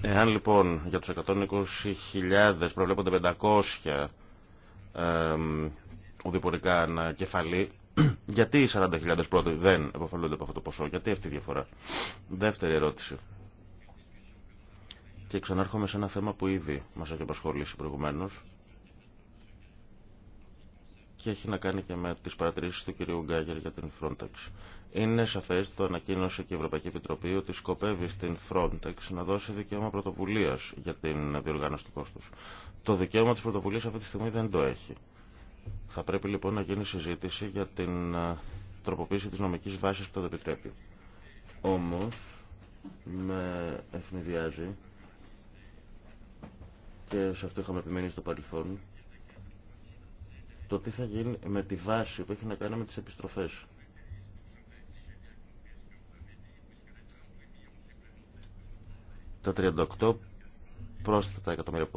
Εάν λοιπόν για τους 120.000 προβλέπονται 500 ε, οδηπορικά να [clears throat] γιατί οι 40.000 πρώτοι δεν επωφελούνται από αυτό το ποσό, γιατί αυτή η διαφορά. Δεύτερη ερώτηση. Και ξανάρχομαι σε ένα θέμα που ήδη μας έχει απασχολήσει προηγουμένω. και έχει να κάνει και με τις παρατηρήσεις του κυρίου Γκάγερ για την Frontex. Είναι σαφές το ανακοίνωσε και η Ευρωπαϊκή Επιτροπή ότι σκοπεύει στην Frontex να δώσει δικαίωμα πρωτοβουλίας για την διοργάνωση του κόστους. Το δικαίωμα της πρωτοβουλίας αυτή τη στιγμή δεν το έχει. Θα πρέπει λοιπόν να γίνει συζήτηση για την ε, τροποποίηση της νομικής βάσης που το επιτρέπει. Όμως, με ευνηδιάζει και σε αυτό είχαμε επιμείνει στο παρελθόν, το τι θα γίνει με τη βάση που έχει να κάνει με τις επιστροφές. Τα 38 πρόσθετα εκατομμύρια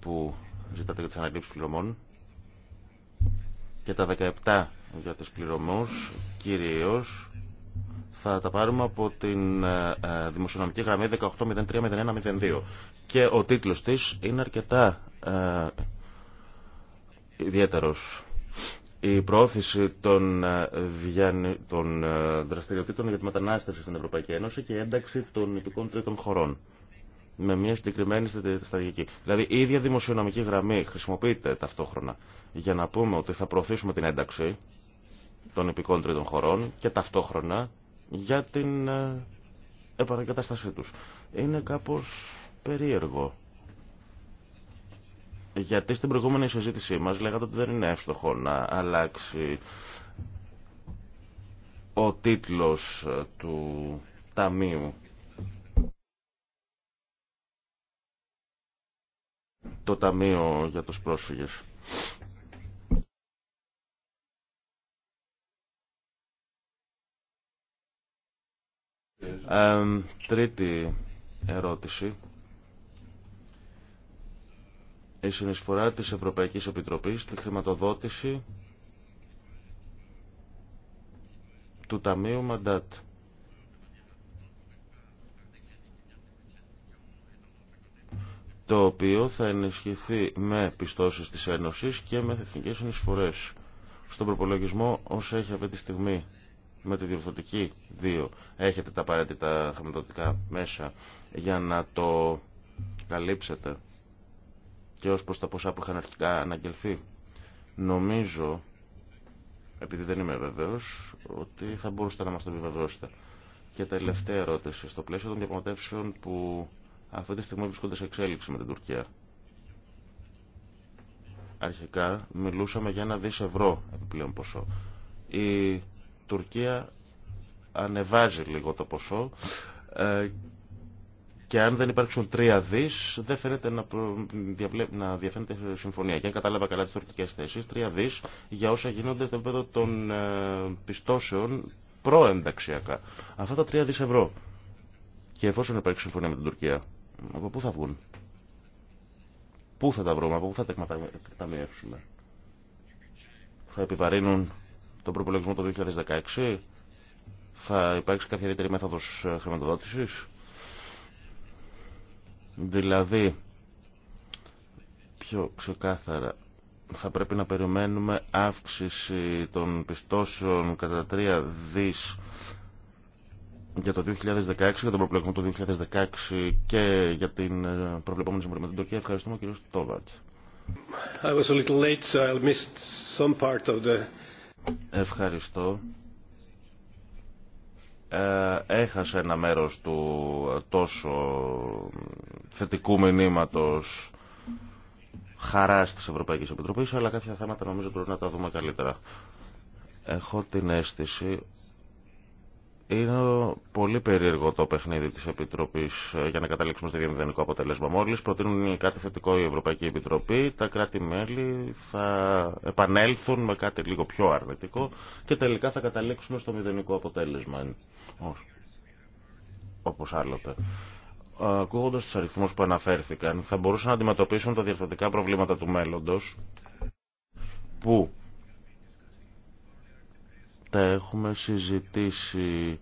που ζητάτε για τις αναλήψεις πληρωμών και τα 17 για τις πληρωμούς κυρίως θα τα πάρουμε από την ε, ε, δημοσιονομική γραμμή 18.03.01.02 και ο τίτλος της είναι αρκετά ε, ιδιαίτερος. Η προώθηση των, ε, των ε, δραστηριοτήτων για τη μετανάστευση στην Ευρωπαϊκή Ένωση και η ένταξη των υπηκών τρίτων χωρών με μια συγκεκριμένη στρατηγική. Δηλαδή η ίδια δημοσιονομική γραμμή χρησιμοποιείται ταυτόχρονα για να πούμε ότι θα προωθήσουμε την ένταξη των υπηκών τρίτων χωρών και ταυτόχρονα για την ε, επανακατάστασή τους. Είναι κάπως περίεργο. Γιατί στην προηγούμενη συζήτησή μας λέγατε ότι δεν είναι εύστοχο να αλλάξει ο τίτλος του ταμείου. Το ταμείο για τους πρόσφυγες. τρίτη ερώτηση η συνεισφορά της Ευρωπαϊκής Επιτροπής στη χρηματοδότηση του Ταμείου Μαντάτ. το οποίο θα ενισχυθεί με πιστώσεις της Ένωσης και με εθνικές συνεισφορές. Στον προπολογισμό όσο έχει αυτή τη στιγμή με τη διορθωτική 2 έχετε τα απαραίτητα χρηματοδοτικά μέσα για να το καλύψετε και ως προς τα ποσά που είχαν αρχικά αναγγελθεί. Νομίζω, επειδή δεν είμαι βεβαίως, ότι θα μπορούσατε να μας το επιβεβαιώσετε. Και τελευταία ερώτηση. Στο πλαίσιο των διαπραγματεύσεων που αυτή τη στιγμή βρισκόνται σε εξέλιξη με την Τουρκία. Αρχικά μιλούσαμε για ένα δις ευρώ επιπλέον ποσό. Η Τουρκία ανεβάζει λίγο το ποσό ε, και αν δεν υπάρξουν τρία δι, δεν φαίνεται να, προ... να διαφαίνεται συμφωνία. Και αν κατάλαβα καλά τι τουρκικέ θέσει, τρία δι για όσα γίνονται στο επίπεδο των ε, πιστώσεων προενταξιακά. Αυτά τα τρία δι ευρώ. Και εφόσον υπάρξει συμφωνία με την Τουρκία, από πού θα βγουν. Πού θα τα βρούμε, από πού θα τα εκταμιεύσουμε. Θα επιβαρύνουν τον προπολογισμό το 2016. Θα υπάρξει κάποια ιδιαίτερη μέθοδος ε, χρηματοδότηση. Δηλαδή, πιο ξεκάθαρα, θα πρέπει να περιμένουμε αύξηση των πιστώσεων κατά 3 δις για το 2016, για τον προβλεπόμενο του 2016 και για την ε, προβλεπόμενη συμφωνία με την Τουρκία. Ευχαριστούμε κύριο late So the... Ευχαριστώ. Ε, έχασε ένα μέρος του τόσο θετικού μηνύματος χαράς της Ευρωπαϊκής Επιτροπή, αλλά κάποια θέματα νομίζω πρέπει να τα δούμε καλύτερα. Έχω την αίσθηση είναι πολύ περίεργο το παιχνίδι της Επιτροπής ε, για να καταλήξουμε στο διαμηδενικό αποτέλεσμα. Μόλι προτείνουν κάτι θετικό η Ευρωπαϊκή Επιτροπή, τα κράτη-μέλη θα επανέλθουν με κάτι λίγο πιο αρνητικό και τελικά θα καταλήξουμε στο μηδενικό αποτέλεσμα. Όπως άλλοτε ακούγοντα του αριθμού που αναφέρθηκαν, θα μπορούσαν να αντιμετωπίσουν τα διαφορετικά προβλήματα του μέλλοντο που τα έχουμε συζητήσει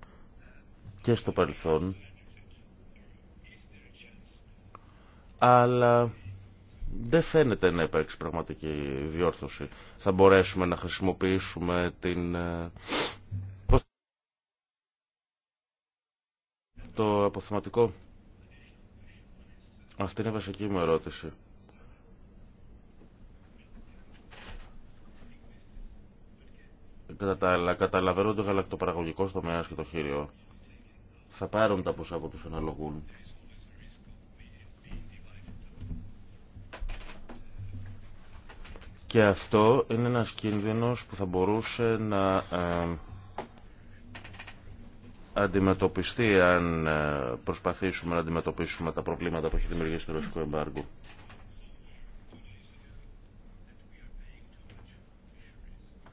και στο παρελθόν. Αλλά δεν φαίνεται να υπάρξει πραγματική διόρθωση. Θα μπορέσουμε να χρησιμοποιήσουμε την... Ε, το αποθεματικό. Αυτή είναι η βασική μου ερώτηση. Κατά τα άλλα, καταλαβαίνω ότι ο γαλακτοπαραγωγικό τομέα και το χείριο θα πάρουν τα ποσά που του αναλογούν. Και αυτό είναι ένας κίνδυνος που θα μπορούσε να ε, αντιμετωπιστεί αν ε, προσπαθήσουμε να αντιμετωπίσουμε τα προβλήματα που έχει δημιουργήσει το ρωσικό Εμπάργκο.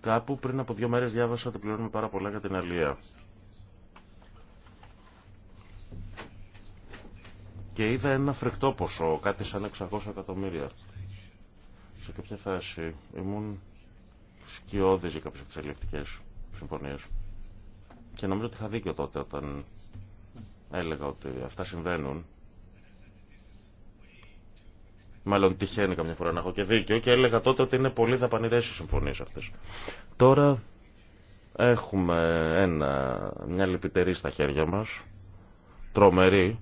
Κάπου πριν από δύο μέρες διάβασα ότι πληρώνουμε πάρα πολλά για την αλία. Και είδα ένα φρικτό ποσό, κάτι σαν 600 εκατομμύρια. Σε κάποια φάση ήμουν σκιώδης για κάποιες εξελιχτικές συμφωνίες. Και νομίζω ότι είχα δίκιο τότε όταν έλεγα ότι αυτά συμβαίνουν Μάλλον τυχαίνει καμιά φορά να έχω και δίκιο και έλεγα τότε ότι είναι πολύ δαπανηρές οι συμφωνίες αυτές. Τώρα έχουμε ένα, μια λυπητερή στα χέρια μας, τρομερή,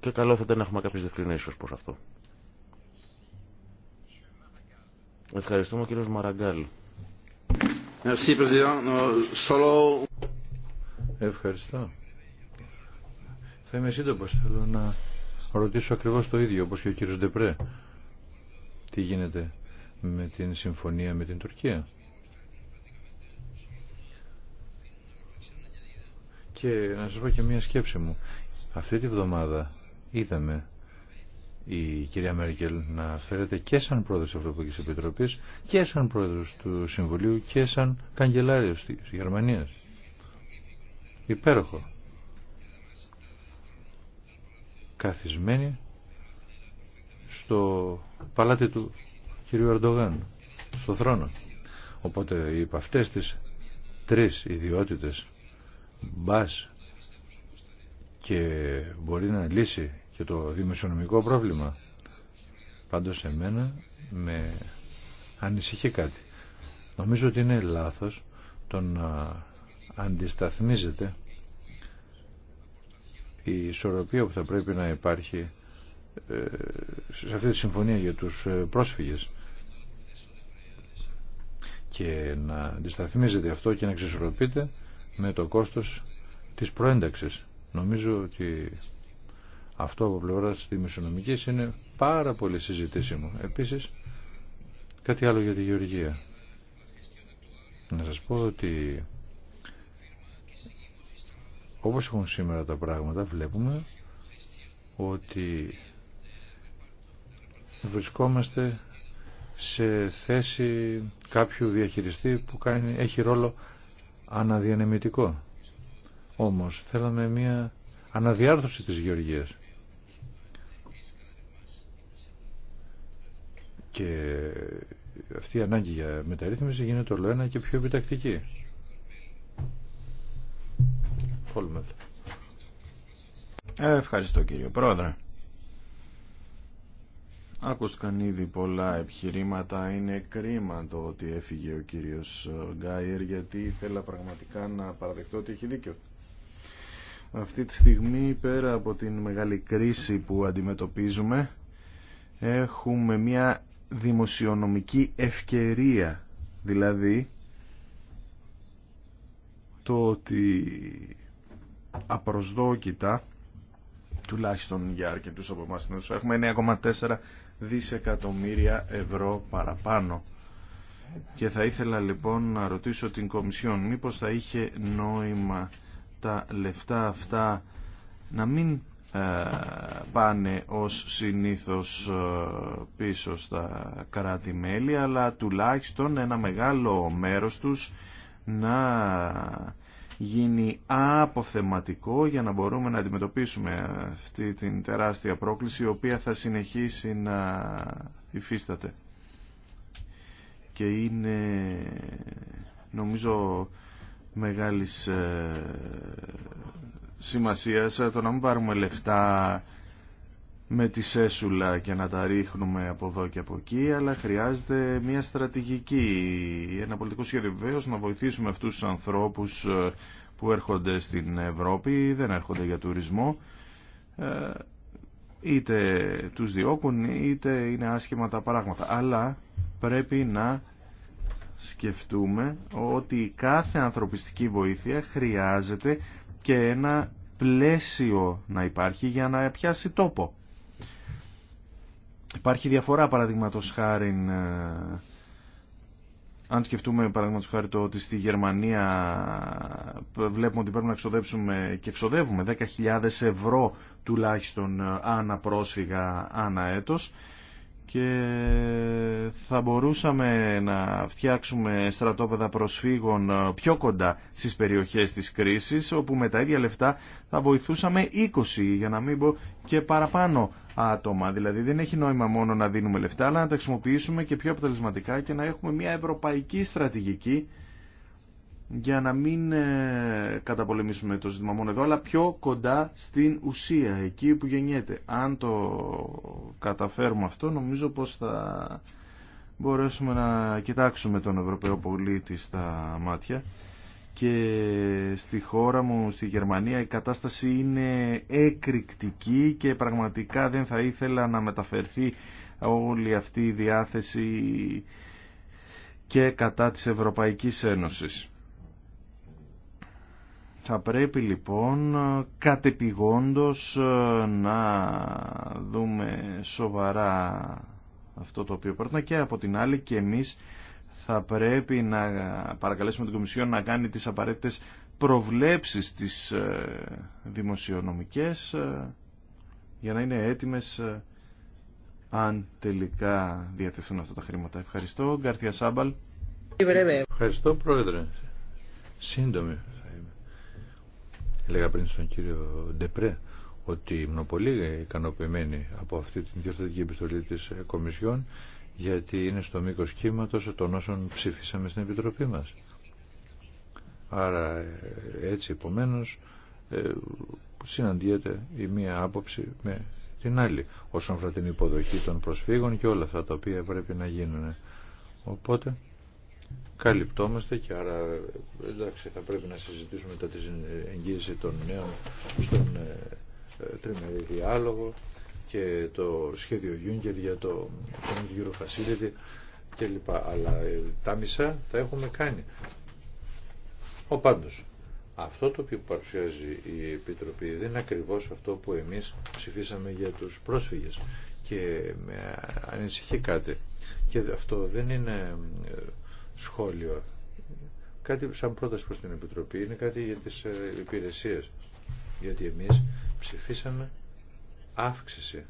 και καλό θα ήταν να έχουμε κάποιες διευκρινήσεις προς αυτό. Ευχαριστούμε κύριος Μαραγκάλ. Ευχαριστώ. Θα είμαι σύντομος, θέλω να ρωτήσω ακριβώ το ίδιο, όπως και ο κύριο Ντεπρέ. Τι γίνεται με την συμφωνία με την Τουρκία. Και να σας πω και μία σκέψη μου. Αυτή τη βδομάδα είδαμε η κυρία Μέρκελ να φέρεται και σαν πρόεδρος τη Ευρωπαϊκής Επιτροπής και σαν πρόεδρο του Συμβουλίου και σαν καγκελάριο της Γερμανίας. Υπέροχο καθισμένη στο παλάτι του κυρίου Ερντογάν, στο θρόνο. Οπότε υπ' αυτές τις τρεις ιδιότητες μπας και μπορεί να λύσει και το δημοσιονομικό πρόβλημα. Πάντως εμένα με ανησυχεί κάτι. Νομίζω ότι είναι λάθος το να αντισταθμίζεται η ισορροπία που θα πρέπει να υπάρχει ε, σε αυτή τη συμφωνία για τους ε, πρόσφυγες και να αντισταθμίζεται αυτό και να εξισορροπείται με το κόστος της προένταξης. Νομίζω ότι αυτό από πλευρά τη είναι πάρα πολύ συζητήσιμο. Επίσης, κάτι άλλο για τη γεωργία. Να σας πω ότι όπως έχουν σήμερα τα πράγματα βλέπουμε ότι βρισκόμαστε σε θέση κάποιου διαχειριστή που κάνει, έχει ρόλο αναδιανεμητικό. Όμως θέλαμε μια αναδιάρθρωση της γεωργίας. Και αυτή η ανάγκη για μεταρρύθμιση γίνεται όλο ένα και πιο επιτακτική. Ευχαριστώ κύριο. Πρόεδρε. Άκουσαν ήδη πολλά επιχειρήματα. Είναι κρίμα το ότι έφυγε ο κύριος Γκάιερ γιατί ήθελα πραγματικά να παραδεχτώ ότι έχει δίκιο. Αυτή τη στιγμή πέρα από την μεγάλη κρίση που αντιμετωπίζουμε έχουμε μια δημοσιονομική ευκαιρία δηλαδή το ότι απροσδόκητα τουλάχιστον για αρκετούς από εμάς έχουμε 9,4 δισεκατομμύρια ευρώ παραπάνω. Και θα ήθελα λοιπόν να ρωτήσω την Κομισιόν μήπως θα είχε νόημα τα λεφτά αυτά να μην ε, πάνε ως συνήθως ε, πίσω στα κράτη-μέλη αλλά τουλάχιστον ένα μεγάλο μέρος τους να γίνει αποθεματικό για να μπορούμε να αντιμετωπίσουμε αυτή την τεράστια πρόκληση η οποία θα συνεχίσει να υφίσταται. Και είναι νομίζω μεγάλης ε, σημασίας το να μην πάρουμε λεφτά με τη σέσουλα και να τα ρίχνουμε από εδώ και από εκεί, αλλά χρειάζεται μια στρατηγική, ένα πολιτικό σχέδιο να βοηθήσουμε αυτούς τους ανθρώπους ε, που έρχονται στην Ευρώπη, δεν έρχονται για τουρισμό, ε, είτε τους διώκουν είτε είναι άσχημα τα πράγματα. Αλλά πρέπει να σκεφτούμε ότι κάθε ανθρωπιστική βοήθεια χρειάζεται και ένα πλαίσιο να υπάρχει για να πιάσει τόπο. Υπάρχει διαφορά παραδείγματο χάρη. Ε, αν σκεφτούμε παραδείγματο χάρη το ότι στη Γερμανία ε, βλέπουμε ότι πρέπει να εξοδέψουμε και εξοδεύουμε 10.000 ευρώ τουλάχιστον ε, ανά πρόσφυγα ανά έτος και θα μπορούσαμε να φτιάξουμε στρατόπεδα προσφύγων ε, πιο κοντά στις περιοχές της κρίσης όπου με τα ίδια λεφτά θα βοηθούσαμε 20 για να μην πω και παραπάνω άτομα. Δηλαδή δεν έχει νόημα μόνο να δίνουμε λεφτά αλλά να τα χρησιμοποιήσουμε και πιο αποτελεσματικά και να έχουμε μια ευρωπαϊκή στρατηγική για να μην ε, καταπολεμήσουμε το ζήτημα μόνο εδώ, αλλά πιο κοντά στην ουσία, εκεί που γεννιέται. Αν το καταφέρουμε αυτό, νομίζω πως θα μπορέσουμε να κοιτάξουμε τον Ευρωπαίο πολίτη στα μάτια. Και στη χώρα μου, στη Γερμανία, η κατάσταση είναι εκρηκτική και πραγματικά δεν θα ήθελα να μεταφερθεί όλη αυτή η διάθεση και κατά της Ευρωπαϊκής Ένωσης. Θα πρέπει λοιπόν κατεπηγόντως ε, να δούμε σοβαρά αυτό το οποίο πρότεινα και από την άλλη και εμείς θα πρέπει να παρακαλέσουμε την Κομισιόν να κάνει τις απαραίτητες προβλέψεις τις ε, δημοσιονομικές ε, για να είναι έτοιμες αν τελικά διατεθούν αυτά τα χρήματα. Ευχαριστώ. Γκάρθια Σάμπαλ. Ευχαριστώ Πρόεδρε. Σύντομη Έλεγα πριν στον κύριο Ντεπρέ ότι ήμουν πολύ ικανοποιημένη από αυτή την διορθωτική επιστολή της Κομισιόν γιατί είναι στο μήκος κύματος των όσων ψήφισαμε στην Επιτροπή μας. Άρα ε, έτσι επομένω ε, συναντιέται η μία άποψη με την άλλη όσον αφορά την υποδοχή των προσφύγων και όλα αυτά τα οποία πρέπει να γίνουν. Οπότε καλυπτόμαστε και άρα εντάξει, θα πρέπει να συζητήσουμε μετά της εγγύηση των νέων στον ε, ε, τριμερή διάλογο και το σχέδιο Γιούγκερ για το Euro Facility λοιπά. Αλλά ε, τα μισά τα έχουμε κάνει. Ο πάντως, αυτό το οποίο παρουσιάζει η Επιτροπή δεν είναι ακριβώς αυτό που εμείς ψηφίσαμε για τους πρόσφυγες και με ανησυχεί κάτι. Και αυτό δεν είναι σχόλιο. Κάτι σαν πρόταση προς την Επιτροπή είναι κάτι για τις ε, υπηρεσίες. Γιατί εμείς ψηφίσαμε αύξηση.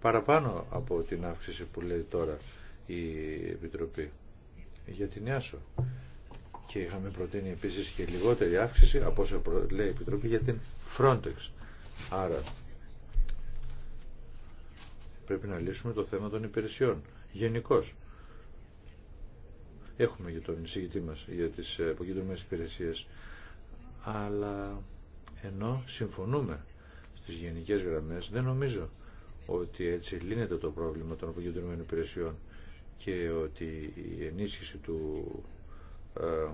Παραπάνω από την αύξηση που λέει τώρα η Επιτροπή για την ΕΑΣΟ Και είχαμε προτείνει επίσης και λιγότερη αύξηση από όσα λέει η Επιτροπή για την Frontex. Άρα πρέπει να λύσουμε το θέμα των υπηρεσιών γενικώ έχουμε για τον εισηγητή μας για τις ε, αποκεντρωμένες υπηρεσίες αλλά ενώ συμφωνούμε στις γενικές γραμμές δεν νομίζω ότι έτσι λύνεται το πρόβλημα των αποκεντρωμένων υπηρεσιών και ότι η ενίσχυση του ε,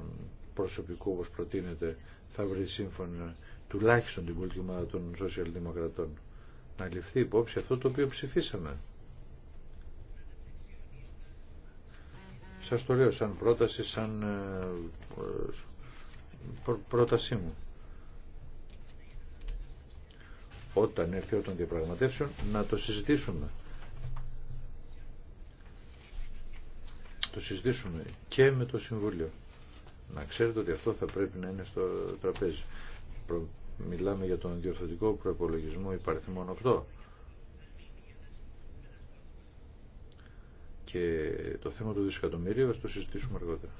προσωπικού όπως προτείνεται θα βρει σύμφωνα τουλάχιστον την πολιτική ομάδα των σοσιαλδημοκρατών να ληφθεί υπόψη αυτό το οποίο ψηφίσαμε σας το λέω σαν πρόταση, σαν ε, ε, πρότασή μου. Όταν έρθει των διαπραγματεύσεων να το συζητήσουμε. Το συζητήσουμε και με το Συμβούλιο. Να ξέρετε ότι αυτό θα πρέπει να είναι στο τραπέζι. Μιλάμε για τον διορθωτικό προπολογισμό υπαριθμών 8 και το θέμα του δισεκατομμυρίου ας το συζητήσουμε αργότερα.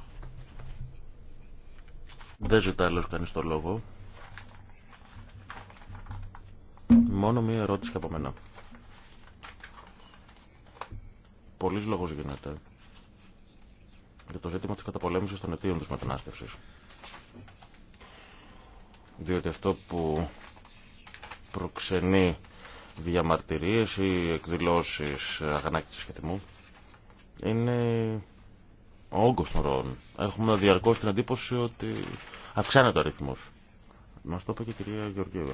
Δεν ζητάει άλλος κανείς το λόγο. Μόνο μία ερώτηση από μένα. Πολλής λόγος γίνεται για το ζήτημα της καταπολέμησης των αιτίων της μετανάστευσης. Διότι αυτό που προξενεί διαμαρτυρίες ή εκδηλώσεις αγανάκτησης τιμού είναι ο όγκος των ροών. Έχουμε διαρκώς την εντύπωση ότι αυξάνεται ο αριθμός. Μας το είπε και η κυρία Γεωργίου.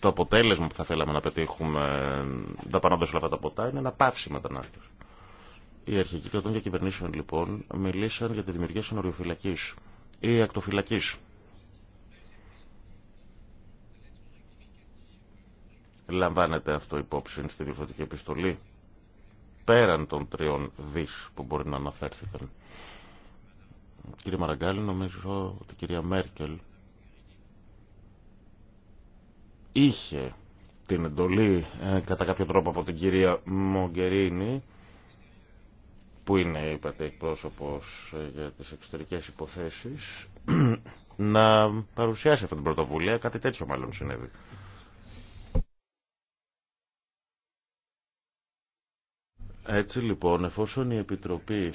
Το αποτέλεσμα που θα θέλαμε να πετύχουμε δαπανώντας όλα αυτά τα ποτά είναι να πάψει η μετανάστευση. Οι αρχικοί κρατών και κυβερνήσεων λοιπόν μιλήσαν για τη δημιουργία συνοριοφυλακής ή ακτοφυλακής Λαμβάνεται αυτό υπόψη στη διευθυντική επιστολή πέραν των τριών δις που μπορεί να αναφέρθηκαν. Κύριε Μαραγκάλη, νομίζω ότι η κυρία Μέρκελ είχε την εντολή ε, κατά κάποιο τρόπο από την κυρία Μογκερίνη που είναι, είπατε, εκπρόσωπος ε, για τις εξωτερικές υποθέσεις [clears throat] να παρουσιάσει αυτή την πρωτοβουλία, κάτι τέτοιο μάλλον συνέβη. Έτσι λοιπόν, εφόσον η Επιτροπή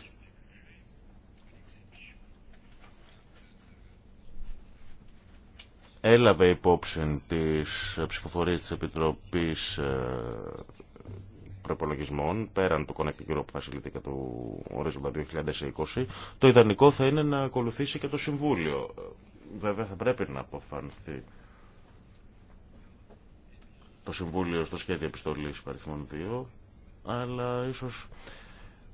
έλαβε υπόψη τις ψηφοφορίες της Επιτροπής ε, Προπολογισμών, πέραν του Connecting Europe Facility και του Ορίζοντα 2020, το ιδανικό θα είναι να ακολουθήσει και το Συμβούλιο. Βέβαια θα πρέπει να αποφανθεί το Συμβούλιο στο σχέδιο επιστολής παριθμών 2 αλλά ίσως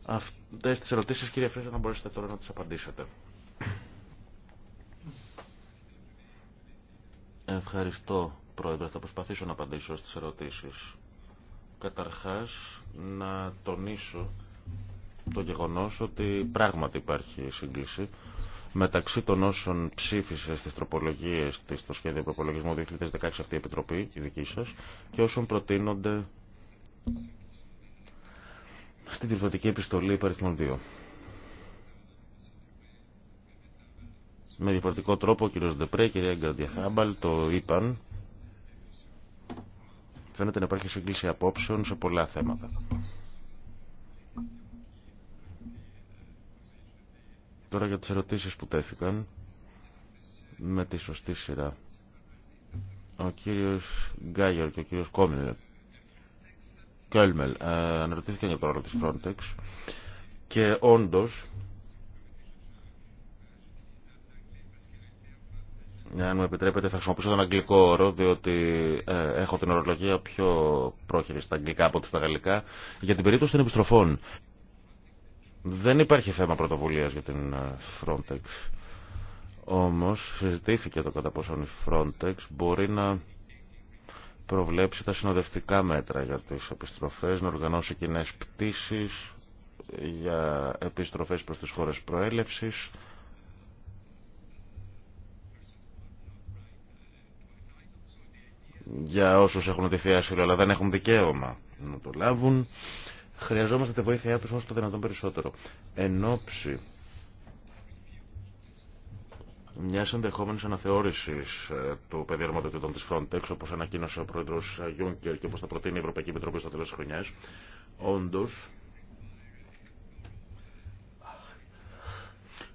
αυτές τις ερωτήσεις κύριε Φρέσκο, να μπορέσετε τώρα να τις απαντήσετε. Ευχαριστώ Πρόεδρε, θα προσπαθήσω να απαντήσω στις ερωτήσεις. Καταρχάς να τονίσω το γεγονός ότι πράγματι υπάρχει σύγκληση μεταξύ των όσων ψήφισε στις τροπολογίες της στο σχέδιο προπολογισμού 2016 αυτή η Επιτροπή, η δική σας, και όσων προτείνονται στη διευθυντική επιστολή υπαριθμών 2. Με διαφορετικό τρόπο ο κύριος Ντεπρέ, η κυρία Γκαρδιαθάμπαλ το είπαν. Φαίνεται να υπάρχει σύγκληση απόψεων σε πολλά θέματα. Τώρα για τις ερωτήσεις που τέθηκαν με τη σωστή σειρά. Ο κύριος Γκάγερ και ο κύριος Κόμινερ. Κέλμελ, ε, αναρωτήθηκε για το ρόλο της Frontex και όντως αν μου επιτρέπετε θα χρησιμοποιήσω τον αγγλικό όρο διότι ε, έχω την ορολογία πιο πρόχειρη στα αγγλικά από ότι στα γαλλικά για την περίπτωση των επιστροφών δεν υπάρχει θέμα πρωτοβουλίας για την ε, Frontex όμως συζητήθηκε το κατά πόσο η Frontex μπορεί να προβλέψει τα συνοδευτικά μέτρα για τις επιστροφές, να οργανώσει κοινέ πτήσεις για επιστροφές προς τις χώρες προέλευσης, για όσους έχουν τη αλλά δεν έχουν δικαίωμα να το λάβουν. Χρειαζόμαστε τη βοήθειά τους όσο το δυνατόν περισσότερο. Ενώψη μια ενδεχόμενη αναθεώρηση ε, του των τη Frontex, όπω ανακοίνωσε ο πρόεδρο Γιούνκερ και όπω θα προτείνει η Ευρωπαϊκή Επιτροπή στο τέλο τη χρονιά, όντω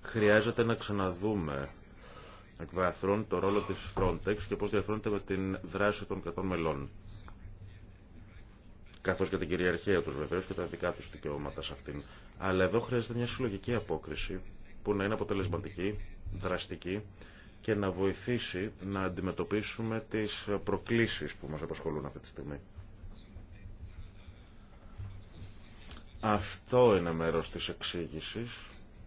χρειάζεται να ξαναδούμε εκ βάθρων το ρόλο τη Frontex και πώ διαφρώνεται με την δράση των κρατών μελών. Καθώ και την κυριαρχία του βεβαίω και τα δικά του δικαιώματα σε αυτήν. Αλλά εδώ χρειάζεται μια συλλογική απόκριση που να είναι αποτελεσματική δραστική και να βοηθήσει να αντιμετωπίσουμε τις προκλήσεις που μας απασχολούν αυτή τη στιγμή. Αυτό είναι μέρος της εξήγηση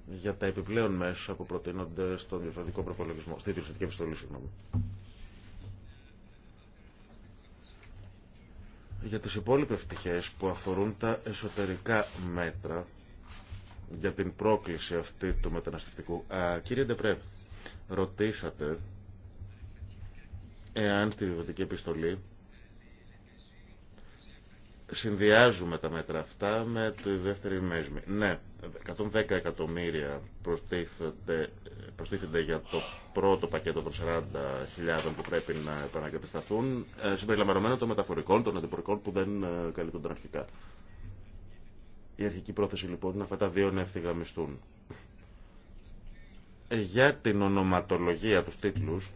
για τα επιπλέον μέσα που προτείνονται στον διευθυντικό προπολογισμό, στη διευθυντική επιστολή, Για τις υπόλοιπες πτυχές που αφορούν τα εσωτερικά μέτρα για την πρόκληση αυτή του μεταναστευτικού. κύριε Ντεπρέ, ρωτήσατε εάν στη διδοτική επιστολή συνδυάζουμε τα μέτρα αυτά με τη δεύτερη μέσμη. Ναι, 110 εκατομμύρια προστίθενται για το πρώτο πακέτο των 40.000 που πρέπει να επανακατασταθούν, ε, συμπεριλαμβανομένων των μεταφορικών, των αντιπορικών που δεν ε, καλύπτονται αρχικά. Η αρχική πρόθεση λοιπόν είναι αυτά τα δύο να ευθυγραμμιστούν. Για την ονοματολογία τους τίτλους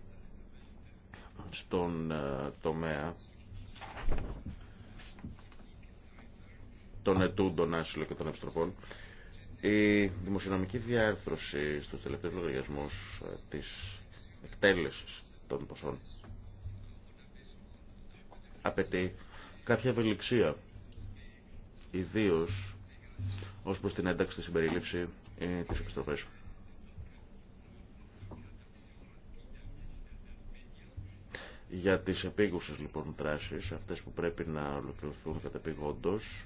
στον ε, τομέα των ετούντων άσυλων και των επιστροφών η δημοσιονομική διάρθρωση στους τελευταίους λογαριασμούς ε, της εκτέλεσης των ποσών απαιτεί κάποια ευελιξία ιδίως ως προς την ένταξη, στη συμπερίληψη ή τις Για τις επίγουσες λοιπόν τράσεις, αυτές που πρέπει να ολοκληρωθούν κατά επίγοντος,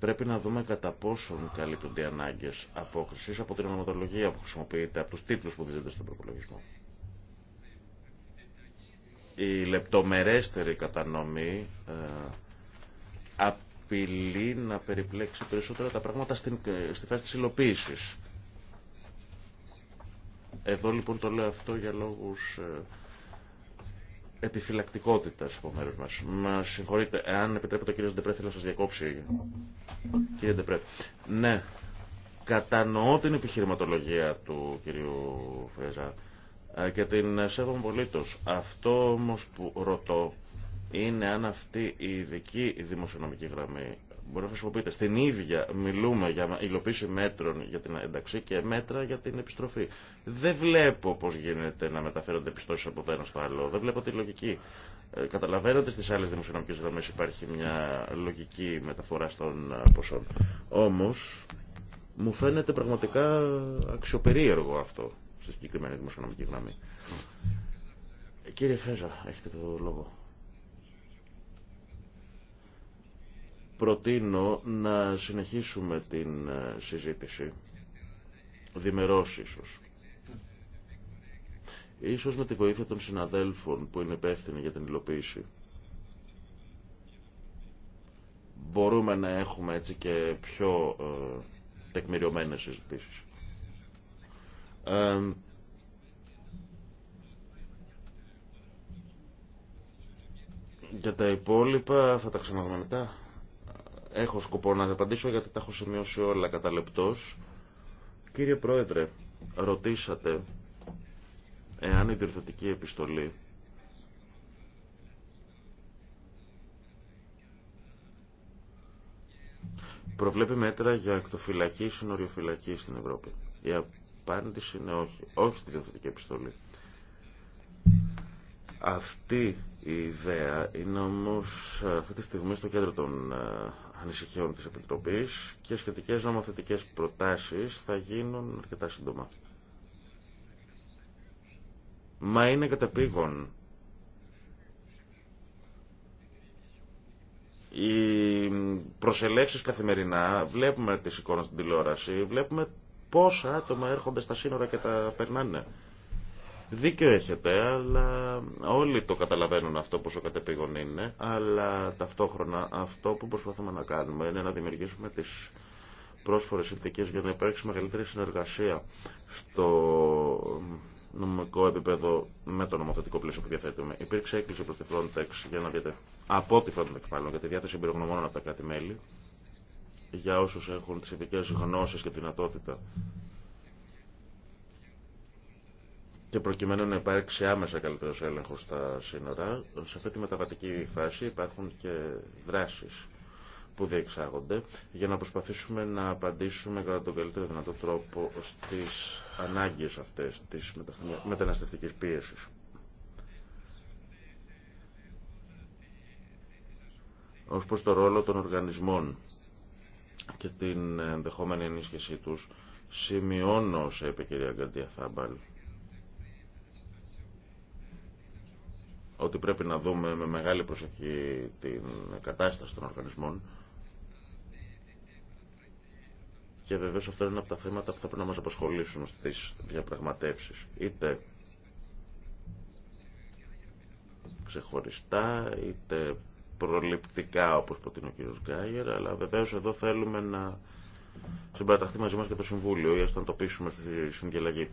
πρέπει να δούμε κατά πόσον καλύπτονται οι ανάγκες απόκρισης από την ονοματολογία που χρησιμοποιείται, από τους τίτλους που δίδονται στον προπολογισμό. Η λεπτομερέστερη κατανομή ε, απειλή να περιπλέξει περισσότερα τα πράγματα στην, στη φάση της υλοποίησης. Εδώ λοιπόν το λέω αυτό για λόγους ε, επιφυλακτικότητας από μέρους μας. Μα συγχωρείτε, εάν επιτρέπετε ο κύριος Ντεπρέ θέλω να σας διακόψει. Κύριε Ντεπρέ, ναι, κατανοώ την επιχειρηματολογία του κυρίου Φρέζα ε, και την σέβομαι πολύτως. Αυτό όμως που ρωτώ είναι αν αυτή η ειδική δημοσιονομική γραμμή μπορεί να χρησιμοποιείται. Στην ίδια μιλούμε για υλοποίηση μέτρων για την ένταξη και μέτρα για την επιστροφή. Δεν βλέπω πώς γίνεται να μεταφέρονται πιστώσεις από το ένα στο άλλο. Δεν βλέπω τη λογική. Ε, καταλαβαίνω ότι στις άλλες δημοσιονομικές γραμμές υπάρχει μια λογική μεταφορά των ε, ποσών. Όμως μου φαίνεται πραγματικά αξιοπερίεργο αυτό στη συγκεκριμένη δημοσιονομική γραμμή. Ε, κύριε Φέζα, έχετε το λόγο. προτείνω να συνεχίσουμε την ε, συζήτηση, διμερώς ίσως. Ίσως με τη βοήθεια των συναδέλφων που είναι υπεύθυνοι για την υλοποίηση. Μπορούμε να έχουμε έτσι και πιο ε, τεκμηριωμένες συζητήσεις. Ε, για τα υπόλοιπα θα τα ξαναδούμε μετά. Έχω σκοπό να απαντήσω γιατί τα έχω σημειώσει όλα κατά λεπτός. Κύριε Πρόεδρε, ρωτήσατε εάν η διορθωτική επιστολή προβλέπει μέτρα για Η συνοριοφυλακή στην Ευρώπη. Η απάντηση είναι όχι. Όχι στη διορθωτική επιστολή. Αυτή η ιδέα είναι όμως ε, αυτή τη στιγμή στο κέντρο των ε, ανησυχιών της Επιτροπής και σχετικές νομοθετικές προτάσεις θα γίνουν αρκετά σύντομα. Μα είναι καταπήγον οι προσελεύσεις καθημερινά, βλέπουμε τις εικόνες στην τηλεόραση, βλέπουμε πόσα άτομα έρχονται στα σύνορα και τα περνάνε. Δίκαιο έχετε, αλλά όλοι το καταλαβαίνουν αυτό πόσο κατεπήγον είναι, αλλά ταυτόχρονα αυτό που προσπαθούμε να κάνουμε είναι να δημιουργήσουμε τις πρόσφορες συνθήκε για να υπάρξει μεγαλύτερη συνεργασία στο νομικό επίπεδο με το νομοθετικό πλαίσιο που διαθέτουμε. Υπήρξε έκκληση προ τη Frontex για να διατε... από τη Frontex μάλλον, για τη διάθεση εμπειρογνωμόνων από τα κράτη-μέλη για όσους έχουν τις ειδικές γνώσεις και δυνατότητα και προκειμένου να υπάρξει άμεσα καλύτερο έλεγχο στα σύνορα, σε αυτή τη μεταβατική φάση υπάρχουν και δράσει που διεξάγονται για να προσπαθήσουμε να απαντήσουμε κατά τον καλύτερο δυνατό τρόπο στι ανάγκε αυτέ τη μεταναστευτική πίεση. ως προς το ρόλο των οργανισμών και την ενδεχόμενη ενίσχυσή τους σημειώνω σε κυρία Γκαντία Θάμπαλ ότι πρέπει να δούμε με μεγάλη προσοχή την κατάσταση των οργανισμών και βεβαίως αυτό είναι ένα από τα θέματα που θα πρέπει να μας απασχολήσουν στις διαπραγματεύσεις. Είτε ξεχωριστά, είτε προληπτικά όπως προτείνει ο κ. Γκάιερ, αλλά βεβαίως εδώ θέλουμε να συμπαραταχθεί μαζί μας και το Συμβούλιο ή να το πείσουμε στη συγκελαγή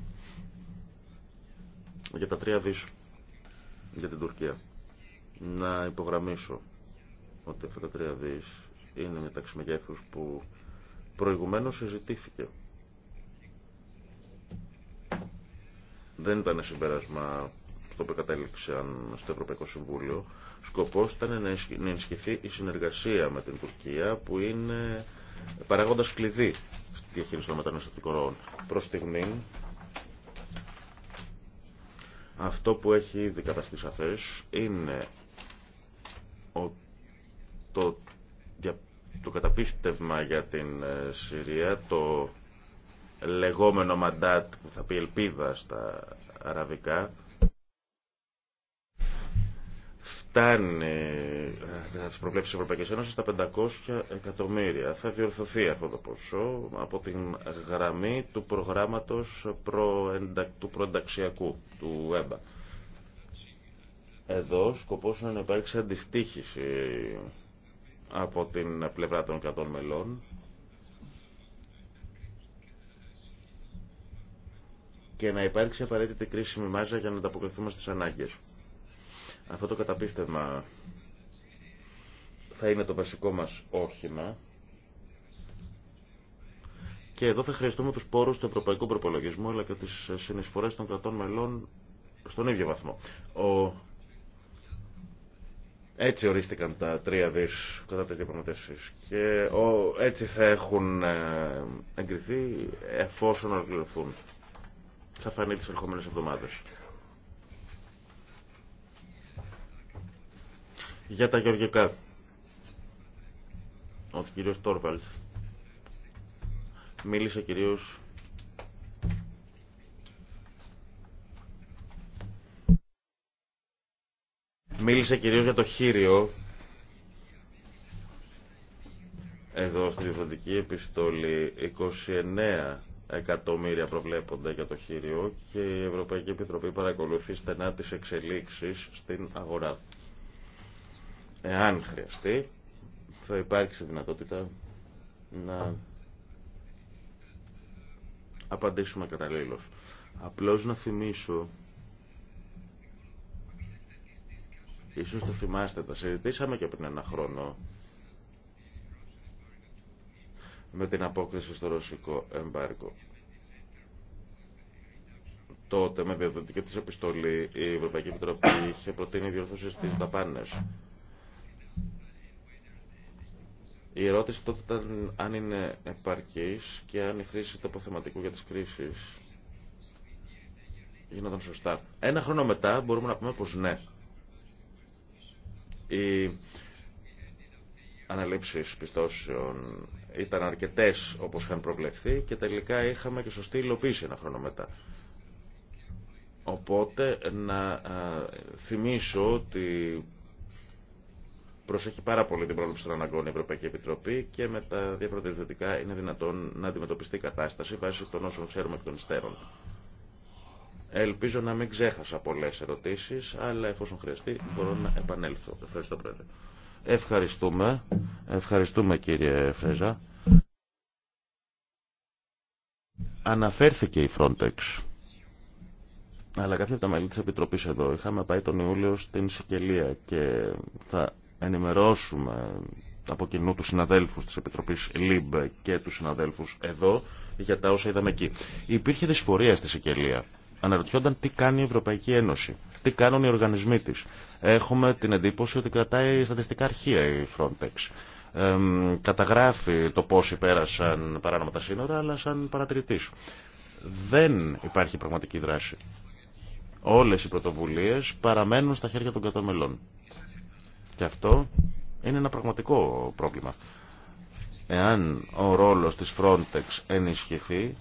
Για τα τρία δις για την Τουρκία. Να υπογραμμίσω ότι αυτά τα τρία δις είναι μεταξύ μεγέθους που προηγουμένως συζητήθηκε. Δεν ήταν συμπέρασμα το οποίο κατέληξαν στο Ευρωπαϊκό Συμβούλιο. Σκοπός ήταν να ενισχυθεί η συνεργασία με την Τουρκία που είναι παράγοντας κλειδί στη διαχείριση των μεταναστευτικών ροών. στιγμή αυτό που έχει ήδη καταστεί σαφές είναι το, το καταπίστευμα για την ε, Συρία, το λεγόμενο μαντάτ που θα πει ελπίδα στα αραβικά, φτάνει κατά ε, τις προβλέψεις της Ευρωπαϊκής Ένωσης στα 500 εκατομμύρια. Θα διορθωθεί αυτό το ποσό από την γραμμή του προγράμματος του προενταξιακού, του ΕΜΠΑ. Εδώ σκοπός είναι να υπάρξει αντιστοίχηση από την πλευρά των 100 μελών και να υπάρξει απαραίτητη κρίσιμη μάζα για να ανταποκριθούμε στις ανάγκες. Αυτό το καταπίστευμα θα είναι το βασικό μας όχημα και εδώ θα χρειαστούμε τους πόρους του ευρωπαϊκού προπολογισμού αλλά και τις συνεισφορές των κρατών μελών στον ίδιο βαθμό. Ο... Έτσι ορίστηκαν τα τρία δις κατά τις διαπραγματεύσεις και ο... έτσι θα έχουν ε, εγκριθεί εφόσον ολοκληρωθούν. Θα φανεί τις ερχόμενες εβδομάδες. Για τα γεωργικά. Ο κύριος Τόρβαλτ μίλησε κυρίως μίλησε κυρίως για το χείριο εδώ στη διευθυντική επιστολή 29 εκατομμύρια προβλέπονται για το χείριο και η Ευρωπαϊκή Επιτροπή παρακολουθεί στενά τις εξελίξεις στην αγορά. Εάν χρειαστεί, θα υπάρξει δυνατότητα να απαντήσουμε καταλήλως. Απλώς να θυμίσω, ίσως το θυμάστε, τα συζητήσαμε και πριν ένα χρόνο, με την απόκριση στο ρωσικό εμπάρκο. Τότε με διαδοτική της επιστολή η Ευρωπαϊκή Επιτροπή είχε προτείνει διόρθωση στις δαπάνες Η ερώτηση τότε ήταν αν είναι επαρκής και αν η χρήση του αποθεματικού για τις κρίσεις γίνονταν σωστά. Ένα χρόνο μετά μπορούμε να πούμε πως ναι. Οι αναλήψεις πιστώσεων ήταν αρκετές όπως είχαν προβλεφθεί και τελικά είχαμε και σωστή υλοποίηση ένα χρόνο μετά. Οπότε να θυμίσω ότι προσέχει πάρα πολύ την πρόληψη των αναγκών η Ευρωπαϊκή Επιτροπή και με τα διαφορετικά είναι δυνατόν να αντιμετωπιστεί η κατάσταση βάσει των όσων ξέρουμε εκ των υστέρων. Ελπίζω να μην ξέχασα πολλέ ερωτήσει, αλλά εφόσον χρειαστεί μπορώ να επανέλθω. Ευχαριστώ, Πρόεδρε. Ευχαριστούμε. Ευχαριστούμε, κύριε Φρέζα. Αναφέρθηκε η Frontex. Αλλά κάποια από τα μέλη τη Επιτροπή εδώ είχαμε πάει τον Ιούλιο στην Σικελία και θα ενημερώσουμε από κοινού του συναδέλφου τη Επιτροπή ΛΥΜΠ και του συναδέλφου εδώ για τα όσα είδαμε εκεί. Υπήρχε δυσφορία στη Σικελία. Αναρωτιόνταν τι κάνει η Ευρωπαϊκή Ένωση, τι κάνουν οι οργανισμοί τη. Έχουμε την εντύπωση ότι κρατάει στατιστικά αρχεία η Frontex. καταγράφει το πόσοι υπέρασαν παράνομα τα σύνορα, αλλά σαν παρατηρητή. Δεν υπάρχει πραγματική δράση. Όλες οι πρωτοβουλίες παραμένουν στα χέρια των κατωμελών. Και αυτό είναι ένα πραγματικό πρόβλημα. Εάν ο ρόλος της Frontex ενισχυθεί,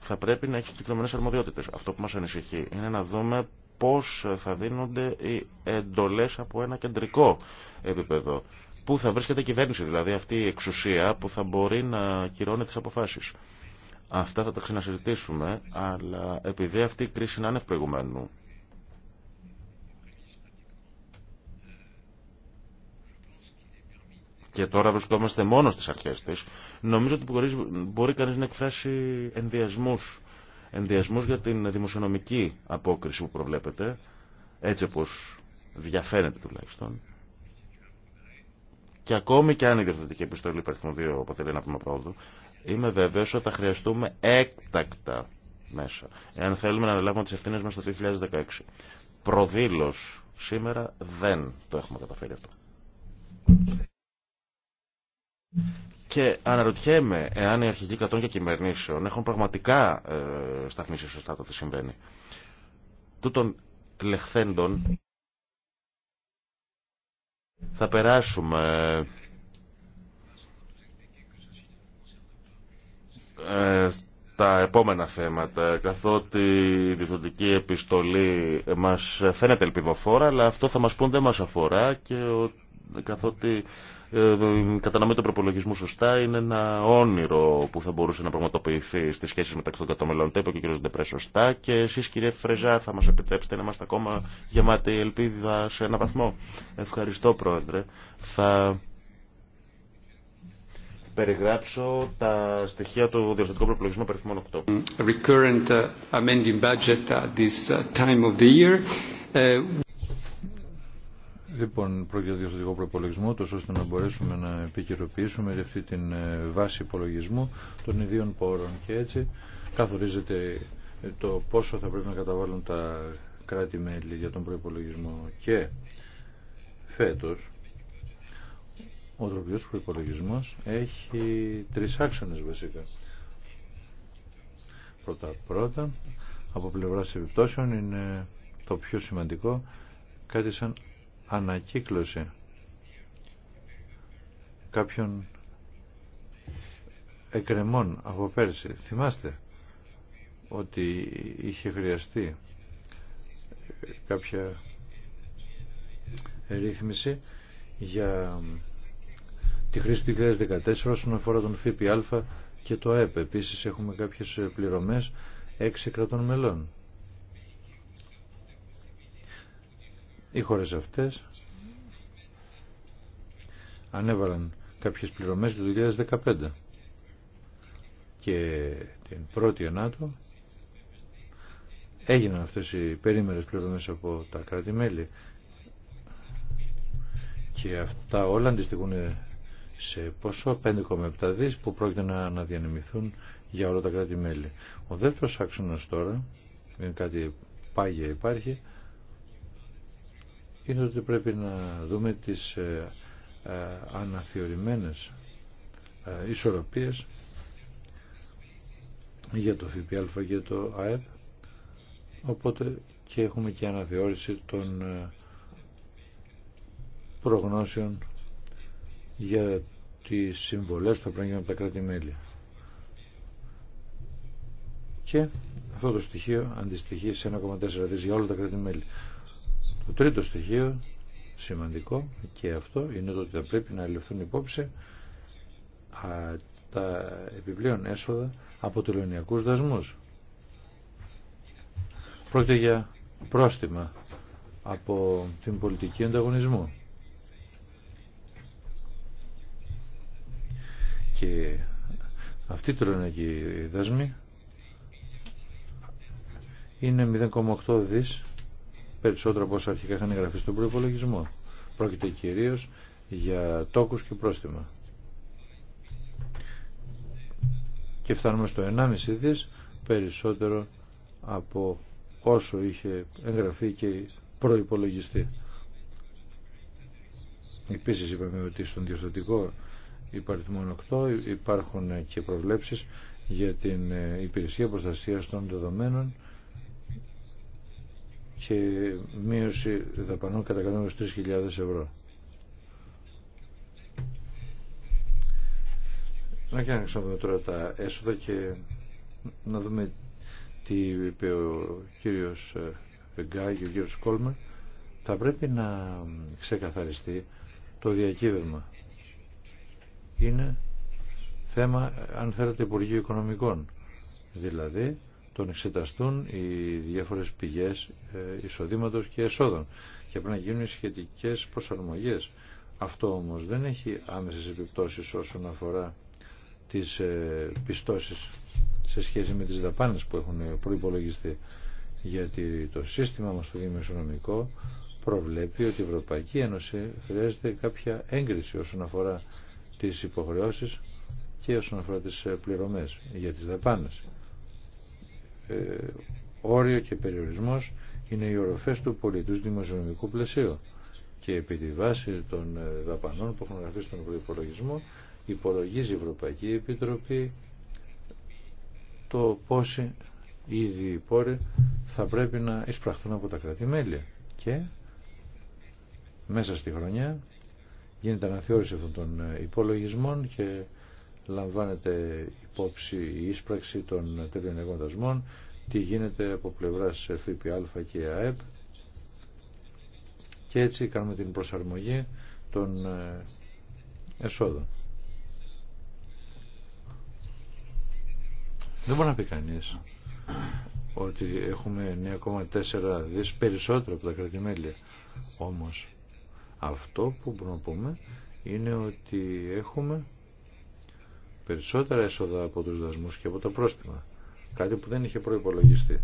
θα πρέπει να έχει συγκεκριμένες αρμοδιότητες. Αυτό που μας ανησυχεί είναι να δούμε πώς θα δίνονται οι εντολές από ένα κεντρικό επίπεδο. Πού θα βρίσκεται η κυβέρνηση, δηλαδή αυτή η εξουσία που θα μπορεί να κυρώνει τις αποφάσεις. Αυτά θα τα ξανασυζητήσουμε, αλλά επειδή αυτή η κρίση είναι ανευπροηγουμένου, και τώρα βρισκόμαστε μόνο στις αρχές της, νομίζω ότι μπορεί, μπορεί κανείς να εκφράσει ενδιασμούς, ενδιασμούς για την δημοσιονομική απόκριση που προβλέπετε, έτσι όπως διαφαίνεται τουλάχιστον. Και ακόμη και αν η διευθυντική επιστολή υπαριθμού 2 αποτελεί ένα πούμε πρόοδου, είμαι βέβαιο ότι θα χρειαστούμε έκτακτα μέσα, εάν θέλουμε να αναλάβουμε τις ευθύνε μας το 2016. Προδήλως σήμερα δεν το έχουμε καταφέρει αυτό. Και αναρωτιέμαι εάν οι αρχηγοί κρατών και κυβερνήσεων έχουν πραγματικά ε, σταθμίσει σωστά το τι συμβαίνει. Τούτων λεχθέντων θα περάσουμε ε, τα επόμενα θέματα, καθότι η διδοτική επιστολή μας φαίνεται ελπιδοφόρα, αλλά αυτό θα μας πούν δεν μας αφορά και καθότι η ε, κατανομή του προπολογισμού σωστά είναι ένα όνειρο που θα μπορούσε να πραγματοποιηθεί στι σχέσει μεταξύ των κατομελών. ΤΕΠΟ και ο κ. Ντεπρέ σωστά και εσεί κύριε Φρεζά θα μα επιτρέψετε να είμαστε ακόμα γεμάτοι ελπίδα σε ένα βαθμό. Ευχαριστώ πρόεδρε. Θα περιγράψω τα στοιχεία του διορθωτικού προπολογισμού περιθμών 8. Λοιπόν, πρόκειται για στατικό προπολογισμό, τόσο ώστε να μπορέσουμε να επικαιροποιήσουμε αυτή την ε, βάση υπολογισμού των ιδίων πόρων. Και έτσι καθορίζεται ε, το πόσο θα πρέπει να καταβάλουν τα κράτη-μέλη για τον προπολογισμό. Και φέτος, ο τροπικό προπολογισμό έχει τρεις άξονες βασικά. Πρώτα-πρώτα, από πλευρά επιπτώσεων είναι το πιο σημαντικό, κάτι σαν ανακύκλωση κάποιων εκκρεμών από πέρσι. Θυμάστε ότι είχε χρειαστεί κάποια ρύθμιση για τη χρήση του 2014 όσον αφορά τον ΦΠΑ και το ΑΕΠ. Επίσης έχουμε κάποιες πληρωμές έξι κρατών μελών. Οι χώρες αυτές ανέβαλαν κάποιες πληρωμές του 2015 και την 1η έγιναν αυτές οι περίμερες πληρωμές από τα κράτη-μέλη και αυτά όλα αντιστοιχούν σε ποσό 5,7 δις που πρόκειται να αναδιανεμηθούν για όλα τα κράτη-μέλη. Ο δεύτερος άξονας τώρα είναι κάτι πάγια υπάρχει είναι ότι πρέπει να δούμε τις ε, ε, αναθεωρημένες ε, ισορροπίες για το ΦΠΑ και το ΑΕΠ οπότε και έχουμε και αναθεώρηση των προγνώσεων για τις συμβολές που θα πρέπει να τα κράτη-μέλη. Και αυτό το στοιχείο αντιστοιχεί σε 1,4 δις για όλα τα κράτη-μέλη. Το τρίτο στοιχείο, σημαντικό και αυτό, είναι το ότι θα πρέπει να ληφθούν υπόψη τα επιπλέον έσοδα από τελωνιακούς δασμούς. Πρόκειται για πρόστιμα από την πολιτική ανταγωνισμού. Και αυτή η τελωνιακή δασμή είναι 0,8 δις περισσότερο από όσα αρχικά είχαν εγγραφεί στον προπολογισμό. Πρόκειται κυρίω για τόκους και πρόστιμα. Και φτάνουμε στο 1,5 δις περισσότερο από όσο είχε εγγραφεί και προϋπολογιστεί. Επίσης είπαμε ότι στον διορθωτικό υπαριθμόν 8 υπάρχουν και προβλέψεις για την ε, υπηρεσία προστασίας των δεδομένων και μείωση δαπανών κατά κανόνα 3.000 ευρώ. Να και να τώρα τα έσοδα και να δούμε τι είπε ο κύριος ε, Γκάι ο κύριος Κόλμα. Θα πρέπει να ξεκαθαριστεί το διακύβευμα. Είναι θέμα, αν θέλετε, Υπουργείου Οικονομικών. Δηλαδή, τον εξεταστούν οι διάφορες πηγές ε, εισοδήματος και εσόδων και πρέπει να γίνουν σχετικές προσαρμογές. Αυτό όμως δεν έχει άμεσες επιπτώσεις όσον αφορά τις ε, πιστώσεις σε σχέση με τις δαπάνες που έχουν προϋπολογιστεί γιατί το σύστημα μας το δημοσιονομικό προβλέπει ότι η Ευρωπαϊκή Ένωση χρειάζεται κάποια έγκριση όσον αφορά τις υποχρεώσεις και όσον αφορά τις ε, πληρωμές για τις δαπάνες. Ε, όριο και περιορισμός είναι οι οροφές του πολιτού δημοσιονομικού πλαισίου και επί τη βάση των ε, δαπανών που έχουν γραφεί στον προϋπολογισμό υπολογίζει η Ευρωπαϊκή Επιτροπή το πόσοι ήδη πόροι θα πρέπει να εισπραχθούν από τα κράτη-μέλη. Και μέσα στη χρονιά γίνεται αναθεώρηση αυτών των ε, υπολογισμών και λαμβάνεται υπόψη η ίσπραξη των τελειωνικών εγκοντασμών τι γίνεται από πλευράς ΦΠΑ και ΑΕΠ και έτσι κάνουμε την προσαρμογή των ε, εσόδων. Δεν μπορεί να πει κανείς ότι έχουμε 9,4 δις περισσότερο από τα κρατημέλια. Όμως αυτό που μπορούμε να πούμε είναι ότι έχουμε περισσότερα έσοδα από τους δασμούς και από το πρόστιμα. Κάτι που δεν είχε προϋπολογιστεί.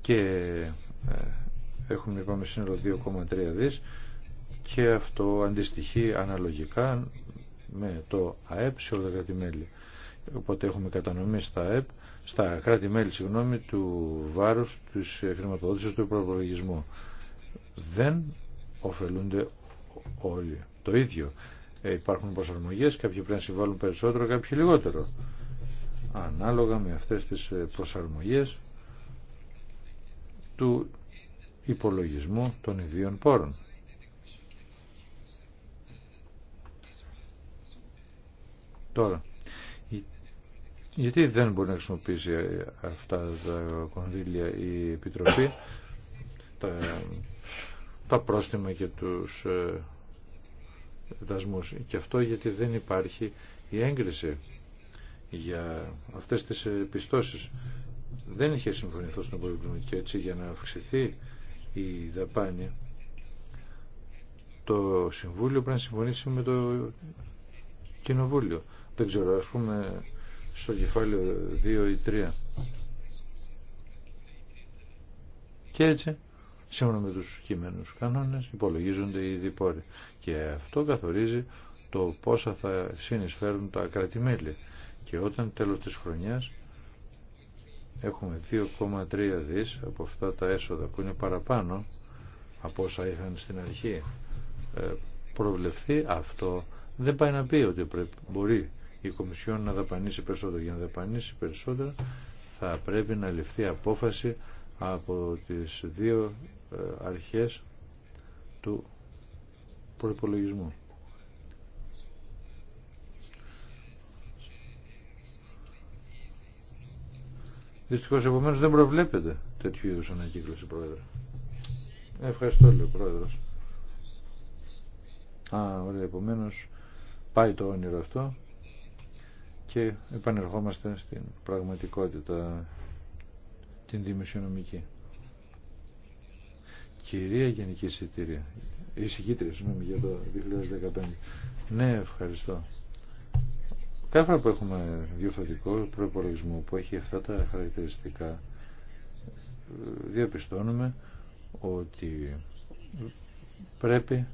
Και ε, έχουμε είπαμε σύνολο 2,3 δις και αυτό αντιστοιχεί αναλογικά με το ΑΕΠ σε όλα τα μελη Οπότε έχουμε κατανομή στα ΑΕΠ στα κράτη-μέλη συγγνώμη, του βάρους της χρηματοδότησης του προπολογισμού. Δεν ωφελούνται όλοι το ίδιο. Ε, υπάρχουν προσαρμογές, κάποιοι πρέπει να συμβάλλουν περισσότερο, κάποιοι λιγότερο. Ανάλογα με αυτές τις ε, προσαρμογές του υπολογισμού των ιδίων πόρων. Τώρα, γιατί δεν μπορεί να χρησιμοποιήσει αυτά τα κονδύλια η Επιτροπή, τα, τα πρόστιμα και τους ε, δασμούς. Και αυτό γιατί δεν υπάρχει η έγκριση για αυτές τις πιστώσεις. Δεν είχε συμφωνηθεί στον Πολιτισμό και έτσι για να αυξηθεί η δαπάνη το Συμβούλιο πρέπει να συμφωνήσει με το Κοινοβούλιο. Δεν ξέρω, ας πούμε, στο κεφάλαιο 2 ή 3. Και έτσι, σύμφωνα με τους κείμενους κανόνες, υπολογίζονται οι διπόροι. Και αυτό καθορίζει το πόσα θα συνεισφέρουν τα κρατημέλη. Και όταν τέλος της χρονιάς έχουμε 2,3 δις από αυτά τα έσοδα που είναι παραπάνω από όσα είχαν στην αρχή ε, προβλεφθεί, αυτό δεν πάει να πει ότι πρέπει, μπορεί η Κομισιόν να δαπανίσει περισσότερο. Για να δαπανίσει περισσότερο θα πρέπει να ληφθεί απόφαση από τις δύο ε, αρχές του προπολογισμού. Δυστυχώ επομένω δεν προβλέπεται τέτοιου είδου ανακύκλωση, Πρόεδρε. Ευχαριστώ, λέει ο Πρόεδρο. Α, ωραία, επομένω πάει το όνειρο αυτό και επανερχόμαστε στην πραγματικότητα την δημοσιονομική. Κυρία Γενική Συντηρία η συγκήτρια, συγγνώμη, για το 2015. Ναι, ευχαριστώ. Κάθε φορά που έχουμε διορθωτικό προπολογισμό που έχει αυτά τα χαρακτηριστικά, διαπιστώνουμε ότι πρέπει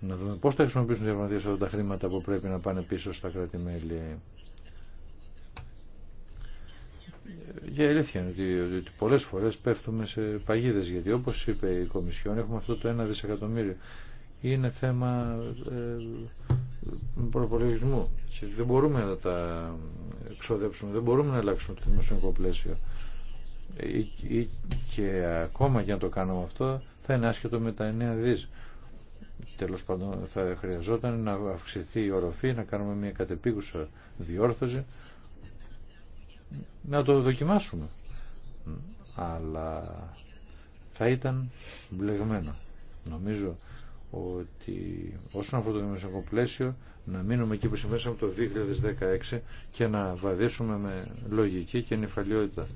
να δούμε πώς θα χρησιμοποιήσουν οι αυτά τα χρήματα που πρέπει να πάνε πίσω στα κράτη-μέλη. Για αλήθεια είναι ότι, ότι πολλές φορές πέφτουμε σε παγίδε. γιατί όπω είπε η Κομισιόν έχουμε αυτό το 1 δισεκατομμύριο. Είναι θέμα ε, προπολογισμού. Δεν μπορούμε να τα ξοδέψουμε, δεν μπορούμε να αλλάξουμε το δημοσιονομικό πλαίσιο. Ε, και ακόμα και να το κάνουμε αυτό θα είναι άσχετο με τα 9 δι. Τέλος πάντων θα χρειαζόταν να αυξηθεί η οροφή, να κάνουμε μια κατεπίγουσα διόρθωση να το δοκιμάσουμε. Αλλά θα ήταν μπλεγμένο. Νομίζω ότι όσον αφορά το δημοσιακό πλαίσιο να μείνουμε εκεί που από το 2016 και να βαδίσουμε με λογική και νυφαλιότητα.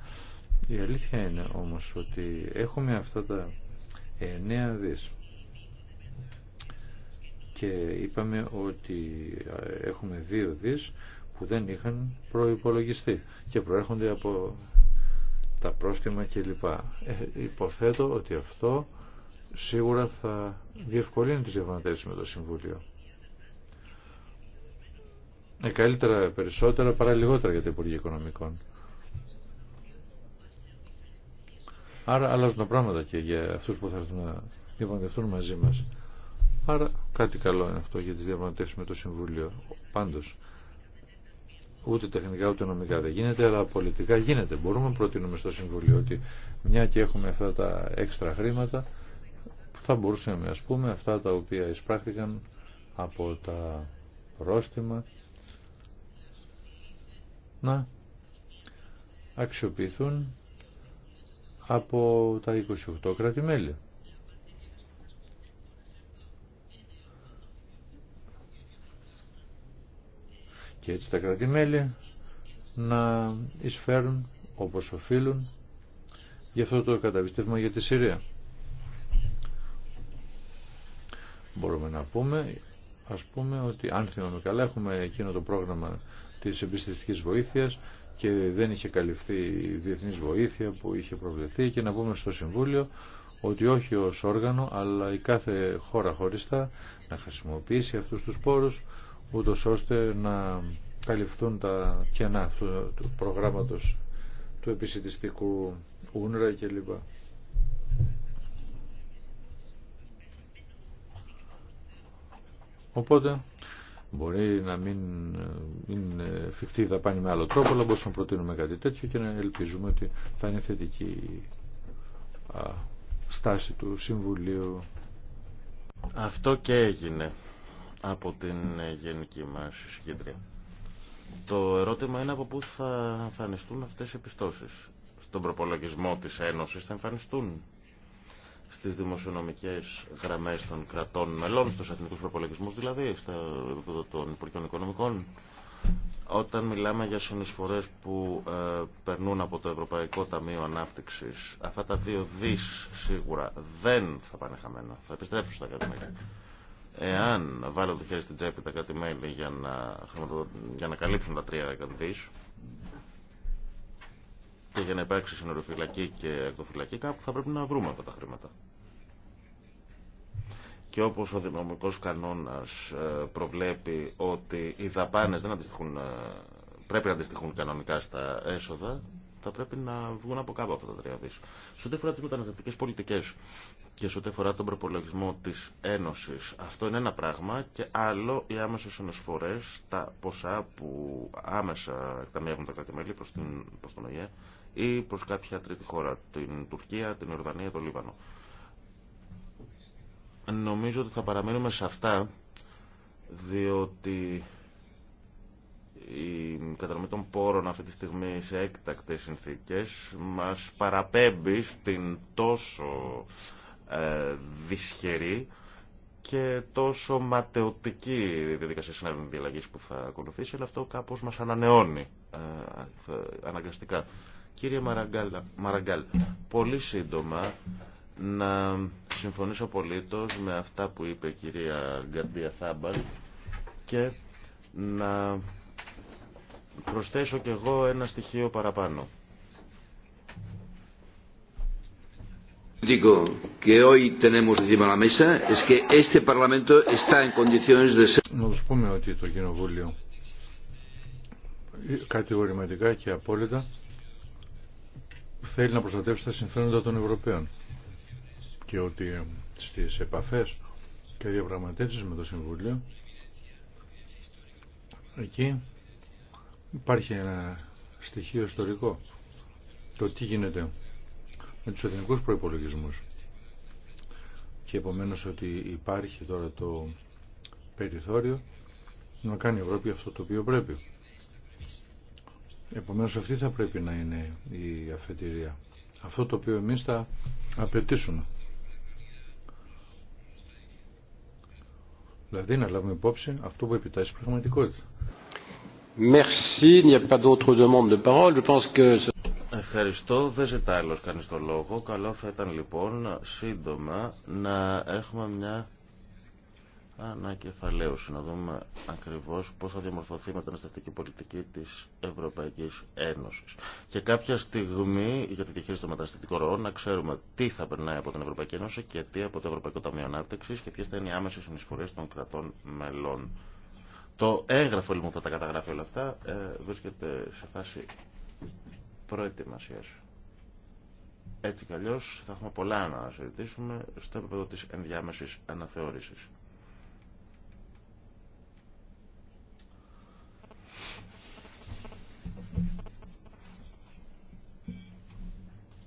Η αλήθεια είναι όμως ότι έχουμε αυτά τα 9 δις και είπαμε ότι έχουμε δύο δις που δεν είχαν προϋπολογιστεί και προέρχονται από τα πρόστιμα κλπ. Ε, υποθέτω ότι αυτό σίγουρα θα διευκολύνει τις διαπραγματεύσεις με το Συμβούλιο. Ε, καλύτερα περισσότερα παρά λιγότερα για το Υπουργείο Οικονομικών. Άρα αλλάζουν τα πράγματα και για αυτούς που θα έρθουν να διαπραγματευτούν μαζί μας. Άρα κάτι καλό είναι αυτό για τις διαπραγματεύσεις με το Συμβούλιο. Πάντως, Ούτε τεχνικά ούτε νομικά δεν γίνεται, αλλά πολιτικά γίνεται. Μπορούμε να προτείνουμε στο Συμβουλίο ότι μια και έχουμε αυτά τα έξτρα χρήματα, θα μπορούσαμε ας πούμε αυτά τα οποία εισπράχθηκαν από τα πρόστιμα να αξιοποιηθούν από τα 28 κράτη-μέλη. και έτσι τα κρατημέλη να εισφέρουν όπως οφείλουν για αυτό το καταπιστεύμα για τη Συρία. Μπορούμε να πούμε, ας πούμε, ότι αν θυμάμαι καλά έχουμε εκείνο το πρόγραμμα της εμπιστευτικής βοήθειας και δεν είχε καλυφθεί η διεθνής βοήθεια που είχε προβλεφθεί και να πούμε στο Συμβούλιο ότι όχι ως όργανο αλλά η κάθε χώρα χωριστά να χρησιμοποιήσει αυτούς τους πόρους ούτως ώστε να καλυφθούν τα κενά του προγράμματος του επισητιστικού ούνρα κλπ. Οπότε μπορεί να μην ε, ε, είναι να η δαπάνη με άλλο τρόπο, αλλά μπορούμε να προτείνουμε κάτι τέτοιο και να ελπίζουμε ότι θα είναι θετική στάση του Συμβουλίου. Αυτό και έγινε από την ε, γενική μας συγκέντρια. Το ερώτημα είναι από πού θα εμφανιστούν αυτές οι επιστώσεις. Στον προπολογισμό της Ένωσης θα εμφανιστούν στις δημοσιονομικές γραμμές των κρατών μελών, στους εθνικούς προπολογισμούς δηλαδή, στα επίπεδο των Υπουργείων Οικονομικών. Όταν μιλάμε για συνεισφορές που ε, περνούν από το Ευρωπαϊκό Ταμείο Ανάπτυξης, αυτά τα δύο δις σίγουρα δεν θα πάνε χαμένα, θα επιστρέψουν στα κρατημέρια. Εάν βάλω το χέρι στην τσέπη τα κάτι μέλη για να, για να καλύψουν τα τρία δεκαδείς και για να υπάρξει συνοροφυλακή και εκτοφυλακή κάπου θα πρέπει να βρούμε αυτά τα χρήματα. Και όπως ο δυναμικός κανόνας ε, προβλέπει ότι οι δαπάνες δεν αντιστοιχούν, ε, πρέπει να αντιστοιχούν κανονικά στα έσοδα, θα πρέπει να βγουν από κάπου αυτά τα τρία δις. Σε ό,τι αφορά τι μεταναστευτικέ πολιτικέ, και σε ό,τι αφορά τον προπολογισμό της Ένωσης. Αυτό είναι ένα πράγμα και άλλο οι άμεσες ανασφορές, τα ποσά που άμεσα εκταμιεύουν τα κράτη-μέλη προς, την, προς τον ΟΗΕ ή προς κάποια τρίτη χώρα, την Τουρκία, την Ιορδανία, το Λίβανο. Νομίζω ότι θα παραμείνουμε σε αυτά, διότι η κατανομή των πόρων αυτή τη στιγμή σε έκτακτες συνθήκες μας παραπέμπει στην τόσο ε, δυσχερή και τόσο ματαιωτική η διαδικασία συναλλαγή που θα ακολουθήσει, αλλά αυτό κάπως μα ανανεώνει ε, αναγκαστικά. Κύριε Μαραγκάλ, πολύ σύντομα να συμφωνήσω απολύτω με αυτά που είπε η κυρία Γκαρδιά Θάμπαλ και να προσθέσω κι εγώ ένα στοιχείο παραπάνω. que hoy tenemos encima la mesa es que este Parlamento está en condiciones de ser. Να του πούμε ότι το Κοινοβούλιο κατηγορηματικά και απόλυτα θέλει να προστατεύσει τα συμφέροντα των Ευρωπαίων και ότι στις επαφές και διαπραγματεύσεις με το Συμβούλιο εκεί υπάρχει ένα στοιχείο ιστορικό το τι γίνεται με τους εθνικούς προϋπολογισμούς. Και επομένως ότι υπάρχει τώρα το περιθώριο να κάνει η Ευρώπη αυτό το οποίο πρέπει. Επομένως αυτή θα πρέπει να είναι η αφετηρία. Αυτό το οποίο εμείς θα απαιτήσουμε. Δηλαδή να λάβουμε υπόψη αυτό που επιτάσσει πραγματικότητα. Merci. Il n'y a pas d'autres demandes de parole. Je pense que Ευχαριστώ. Δεν ζητάει άλλο κανεί το λόγο. Καλό θα ήταν λοιπόν σύντομα να έχουμε μια ανακεφαλαίωση, να δούμε ακριβώ πώ θα διαμορφωθεί η μεταναστευτική πολιτική τη Ευρωπαϊκή Ένωση. Και κάποια στιγμή για τη διαχείριση των μεταναστευτικών ροών να ξέρουμε τι θα περνάει από την Ευρωπαϊκή Ένωση και τι από το Ευρωπαϊκό Ταμείο Ανάπτυξη και ποιε θα είναι οι άμεσε συνεισφορέ των κρατών μελών. Το έγγραφο λοιπόν που θα τα καταγράφει όλα αυτά ε, βρίσκεται σε φάση προετοιμασίας. Έτσι κι θα έχουμε πολλά να συζητήσουμε στο επίπεδο της ενδιάμεσης αναθεώρησης.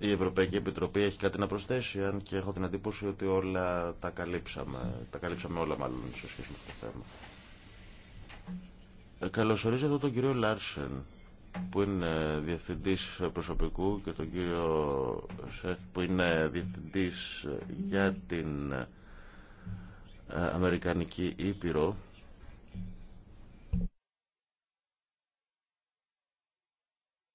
Η Ευρωπαϊκή Επιτροπή έχει κάτι να προσθέσει, αν και έχω την εντύπωση ότι όλα τα καλύψαμε, τα καλύψαμε όλα μάλλον σε σχέση με το θέμα. Ε, καλωσορίζω εδώ τον κύριο Λάρσεν που είναι διευθυντής προσωπικού και τον κύριο Σεφ που είναι διευθυντής για την ε, Αμερικανική Ήπειρο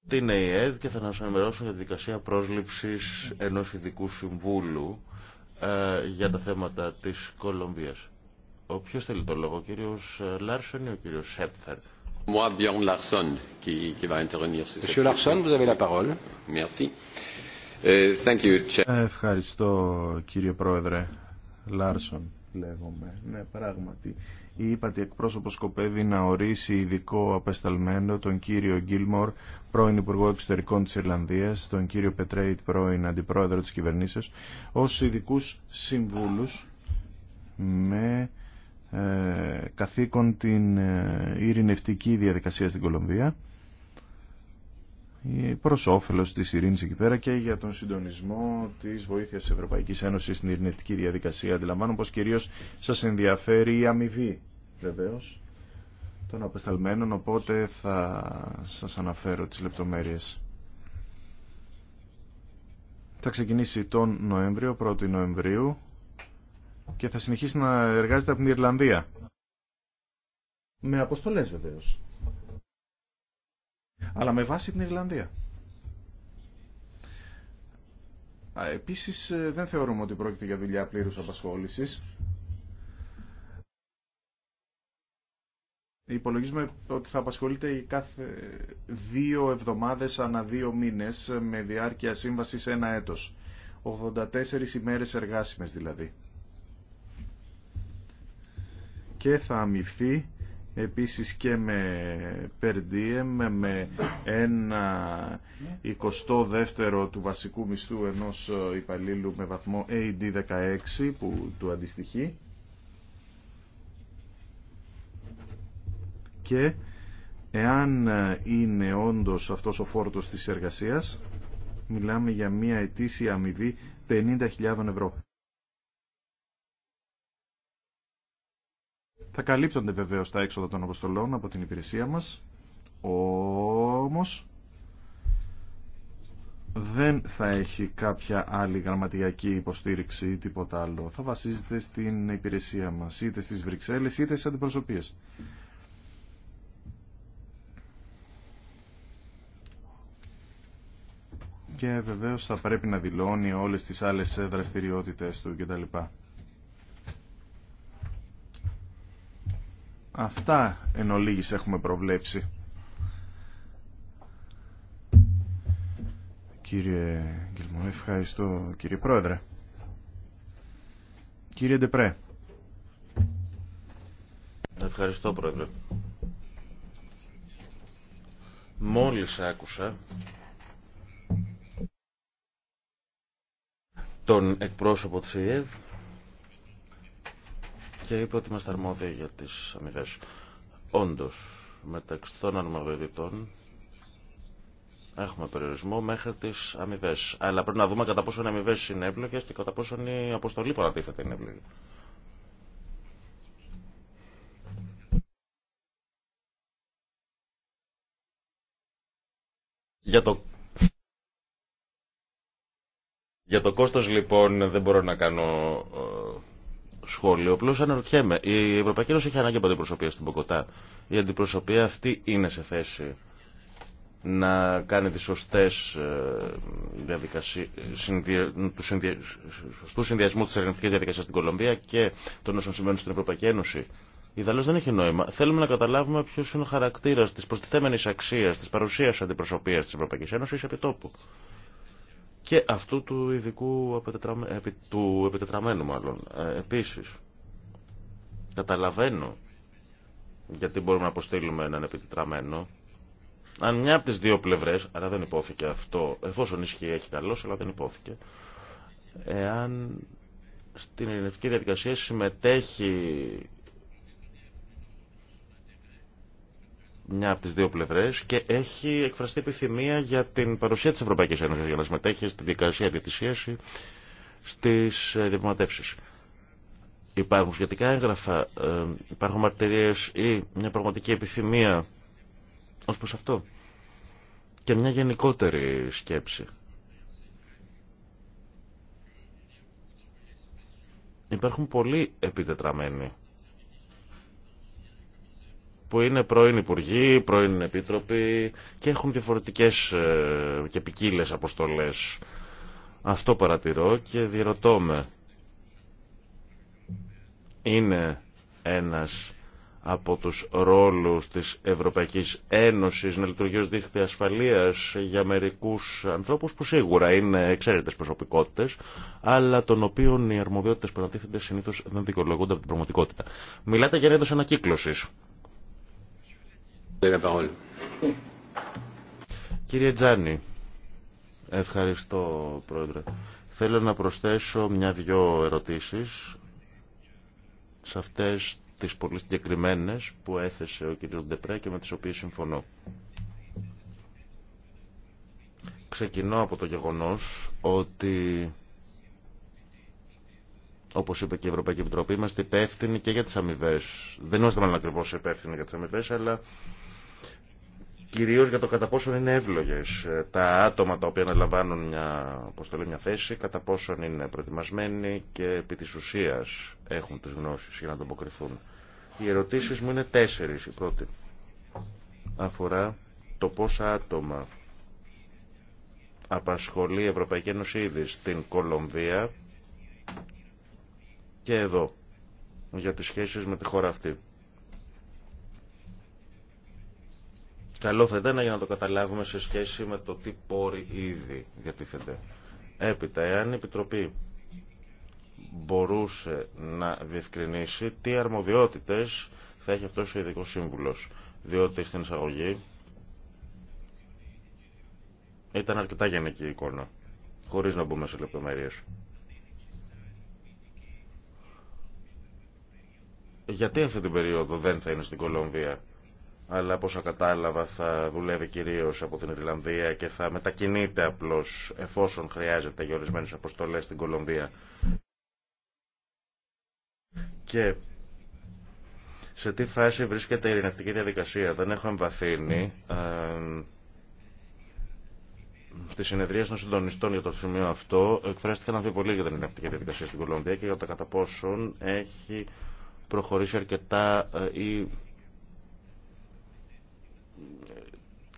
την έδ και θα σας ενημερώσω για τη δικασία πρόσληψης ενός ειδικού συμβούλου ε, για τα θέματα της Κολομβίας. Ο ποιος θέλει το λόγο, ο κύριος ε, Λάρσον ή ο κύριος Σέπφερ. Ευχαριστώ, κύριε Πρόεδρε. Λάρσον, λέγομαι. Ναι, πράγματι. Η ύπατη εκπρόσωπο σκοπεύει να ορίσει ειδικό απεσταλμένο τον κύριο Γκίλμορ, πρώην Υπουργό Εξωτερικών τη Ιρλανδία, τον κύριο Πετρέιτ, πρώην Αντιπρόεδρο τη Κυβερνήσεω, ω ειδικού συμβούλου με ε, καθήκον την ειρηνευτική διαδικασία στην Κολομβία ε, προς όφελος της ειρήνης εκεί πέρα και για τον συντονισμό της βοήθειας της Ευρωπαϊκής Ένωσης στην ειρηνευτική διαδικασία. Αντιλαμβάνω πως κυρίως σας ενδιαφέρει η αμοιβή βεβαίως των απεσταλμένων, οπότε θα σας αναφέρω τις λεπτομέρειες. Θα ξεκινήσει τον Νοέμβριο, 1η Νοεμβρίου, και θα συνεχίσει να εργάζεται από την Ιρλανδία. Με αποστολές βεβαίως. Αλλά με βάση την Ιρλανδία. Επίσης ε, δεν θεωρούμε ότι πρόκειται για δουλειά πλήρους απασχόλησης. Υπολογίζουμε ότι θα απασχολείται κάθε δύο εβδομάδες ανά δύο μήνες ε, με διάρκεια σύμβασης ένα έτος. 84 ημέρες εργάσιμες δηλαδή και θα αμυφθεί επίσης και με per με ένα 22ο του βασικού μισθού ενός ε, υπαλλήλου με βαθμό AD16 που του αντιστοιχεί και εάν ε, είναι όντως αυτός ο φόρτος της εργασίας μιλάμε για μια ετήσια αμοιβή 50.000 ευρώ. Θα καλύπτονται βεβαίως τα έξοδα των αποστολών από την υπηρεσία μας, όμως δεν θα έχει κάποια άλλη γραμματιακή υποστήριξη ή τίποτα άλλο. Θα βασίζεται στην υπηρεσία μας, είτε στις Βρυξέλλες είτε στις αντιπροσωπείες. Και βεβαίως θα πρέπει να δηλώνει όλες τις άλλες δραστηριότητες του κτλ. Αυτά εν ολίγης έχουμε προβλέψει. Κύριε Γκυλμό, ευχαριστώ κύριε Πρόεδρε. Κύριε Ντεπρέ. Ευχαριστώ Πρόεδρε. Μόλις άκουσα τον εκπρόσωπο της ΕΕΔ και είπε ότι είμαστε αρμόδιοι για τις αμοιβές. Όντως, μεταξύ των αρμοδιοτήτων έχουμε περιορισμό μέχρι τις αμοιβέ. Αλλά πρέπει να δούμε κατά πόσο οι αμοιβέ είναι έπλογε και κατά πόσο η αποστολή που ανατίθεται είναι εύλογη. Για το... Για το κόστος λοιπόν δεν μπορώ να κάνω ε, σχόλιο. Απλώ αναρωτιέμαι. Η Ευρωπαϊκή Ένωση έχει ανάγκη από αντιπροσωπεία στην Ποκοτά. Η αντιπροσωπεία αυτή είναι σε θέση να κάνει τις σωστές ε, διαδικασίε σωστού συνδυασμού της ερευνητικής διαδικασίας στην Κολομβία και των όσων συμβαίνουν στην Ευρωπαϊκή Ένωση. Ιδαλώ δεν έχει νόημα. Θέλουμε να καταλάβουμε ποιο είναι ο χαρακτήρα τη προστιθέμενη αξία, τη παρουσία αντιπροσωπεία τη Ευρωπαϊκή Ένωση επί τόπου και αυτού του ειδικού του επιτετραμένου μάλλον. Ε, επίσης, καταλαβαίνω γιατί μπορούμε να αποστείλουμε έναν επιτετραμένο αν μια από τις δύο πλευρές, αλλά δεν υπόθηκε αυτό, εφόσον ισχύει έχει καλός, αλλά δεν υπόθηκε, εάν στην ειρηνευτική διαδικασία συμμετέχει μια από τις δύο πλευρές και έχει εκφραστεί επιθυμία για την παρουσία της Ευρωπαϊκής Ένωσης για να συμμετέχει στη δικασία σχέση στις ε, διαπραγματεύσει. Υπάρχουν σχετικά έγγραφα, ε, υπάρχουν μαρτυρίες ή μια πραγματική επιθυμία ως προς αυτό και μια γενικότερη σκέψη. Υπάρχουν πολλοί επιτετραμένοι που είναι πρώην υπουργοί, πρώην επίτροποι και έχουν διαφορετικές ε, και ποικίλε αποστολές. Αυτό παρατηρώ και διερωτώ με. Είναι ένας από τους ρόλους της Ευρωπαϊκής Ένωσης να λειτουργεί ως δίχτυ ασφαλείας για μερικούς ανθρώπους που σίγουρα είναι εξαίρετες προσωπικότητες αλλά των οποίων οι αρμοδιότητες που ανατίθενται συνήθως δεν δικαιολογούνται από την πραγματικότητα. Μιλάτε για ένα Κύριε Τζάνι, ευχαριστώ πρόεδρε. Θέλω να προσθέσω μια-δυο ερωτήσεις σε αυτές τις πολύ συγκεκριμένε που έθεσε ο κύριος Ντεπρέ και με τις οποίες συμφωνώ. Ξεκινώ από το γεγονός ότι όπως είπε και η Ευρωπαϊκή Επιτροπή, είμαστε υπεύθυνοι και για τις αμοιβέ. Δεν είμαστε μάλλον ακριβώ υπεύθυνοι για τι αμοιβέ, αλλά κυρίως για το κατά πόσον είναι εύλογες ε, τα άτομα τα οποία αναλαμβάνουν μια, μια θέση, κατά πόσο είναι προετοιμασμένοι και επί της ουσίας έχουν τις γνώσεις για να το αποκριθούν. Οι ερωτήσεις μου είναι τέσσερις. Η πρώτη αφορά το πόσα άτομα απασχολεί η Ευρωπαϊκή Ένωση ήδη στην Κολομβία και εδώ για τις σχέσεις με τη χώρα αυτή. Καλό θα ήταν για να το καταλάβουμε σε σχέση με το τι πόροι ήδη διατίθενται. Έπειτα, εάν η Επιτροπή μπορούσε να διευκρινίσει τι αρμοδιότητες θα έχει αυτός ο ειδικό σύμβουλος. Διότι στην εισαγωγή ήταν αρκετά γενική η εικόνα, χωρίς να μπούμε σε λεπτομέρειες. Γιατί αυτή την περίοδο δεν θα είναι στην Κολομβία αλλά από κατάλαβα θα δουλεύει κυρίως από την Ιρλανδία και θα μετακινείται απλώς εφόσον χρειάζεται για ορισμένες αποστολές στην Κολομβία. Και σε τι φάση βρίσκεται η ειρηνευτική διαδικασία. Δεν έχω εμβαθύνει. Ε, Στι συνεδρίε των συντονιστών για το σημείο αυτό εκφράστηκαν πολύ για την ειρηνευτική διαδικασία στην Κολομβία και για το κατά πόσον έχει προχωρήσει αρκετά ή ε,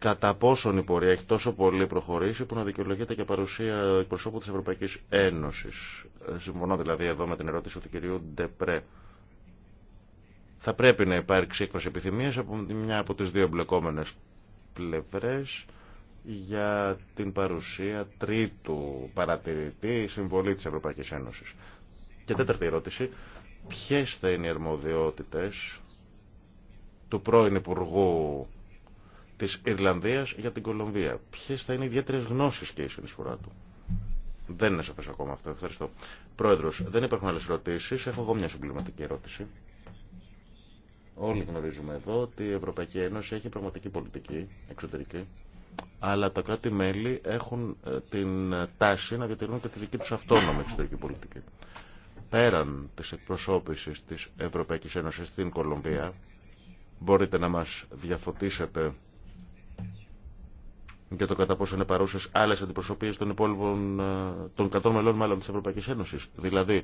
κατά πόσον η πορεία έχει τόσο πολύ προχωρήσει που να δικαιολογείται και παρουσία εκπροσώπου της Ευρωπαϊκής Ένωσης. Ε, συμφωνώ δηλαδή εδώ με την ερώτηση του κυρίου Ντεπρέ. Θα πρέπει να υπάρξει έκφραση επιθυμίας από μια από τις δύο εμπλεκόμενες πλευρές για την παρουσία τρίτου παρατηρητή συμβολή της Ευρωπαϊκής Ένωσης. Και τέταρτη ερώτηση, ποιες θα είναι οι αρμοδιότητες του πρώην Υπουργού της Ιρλανδίας για την Κολομβία. Ποιες θα είναι οι ιδιαίτερες γνώσεις και η συνεισφορά του. Δεν είναι σαφές ακόμα αυτό. Ευχαριστώ. Πρόεδρος, δεν υπάρχουν άλλες ερωτήσεις. Έχω εγώ μια συμπληρωματική ερώτηση. Όλοι γνωρίζουμε εδώ ότι η Ευρωπαϊκή Ένωση έχει πραγματική πολιτική εξωτερική, αλλά τα κράτη-μέλη έχουν ε, την ε, τάση να διατηρούν και τη δική τους αυτόνομη εξωτερική πολιτική. Πέραν της εκπροσώπησης της Ευρωπαϊκή Ένωση στην Κολομβία, μπορείτε να μα διαφωτίσετε για το κατά πόσο είναι παρούσε άλλε αντιπροσωπείε των υπόλοιπων ε, των 100 μελών μάλλον τη Ευρωπαϊκή Ένωση. Δηλαδή,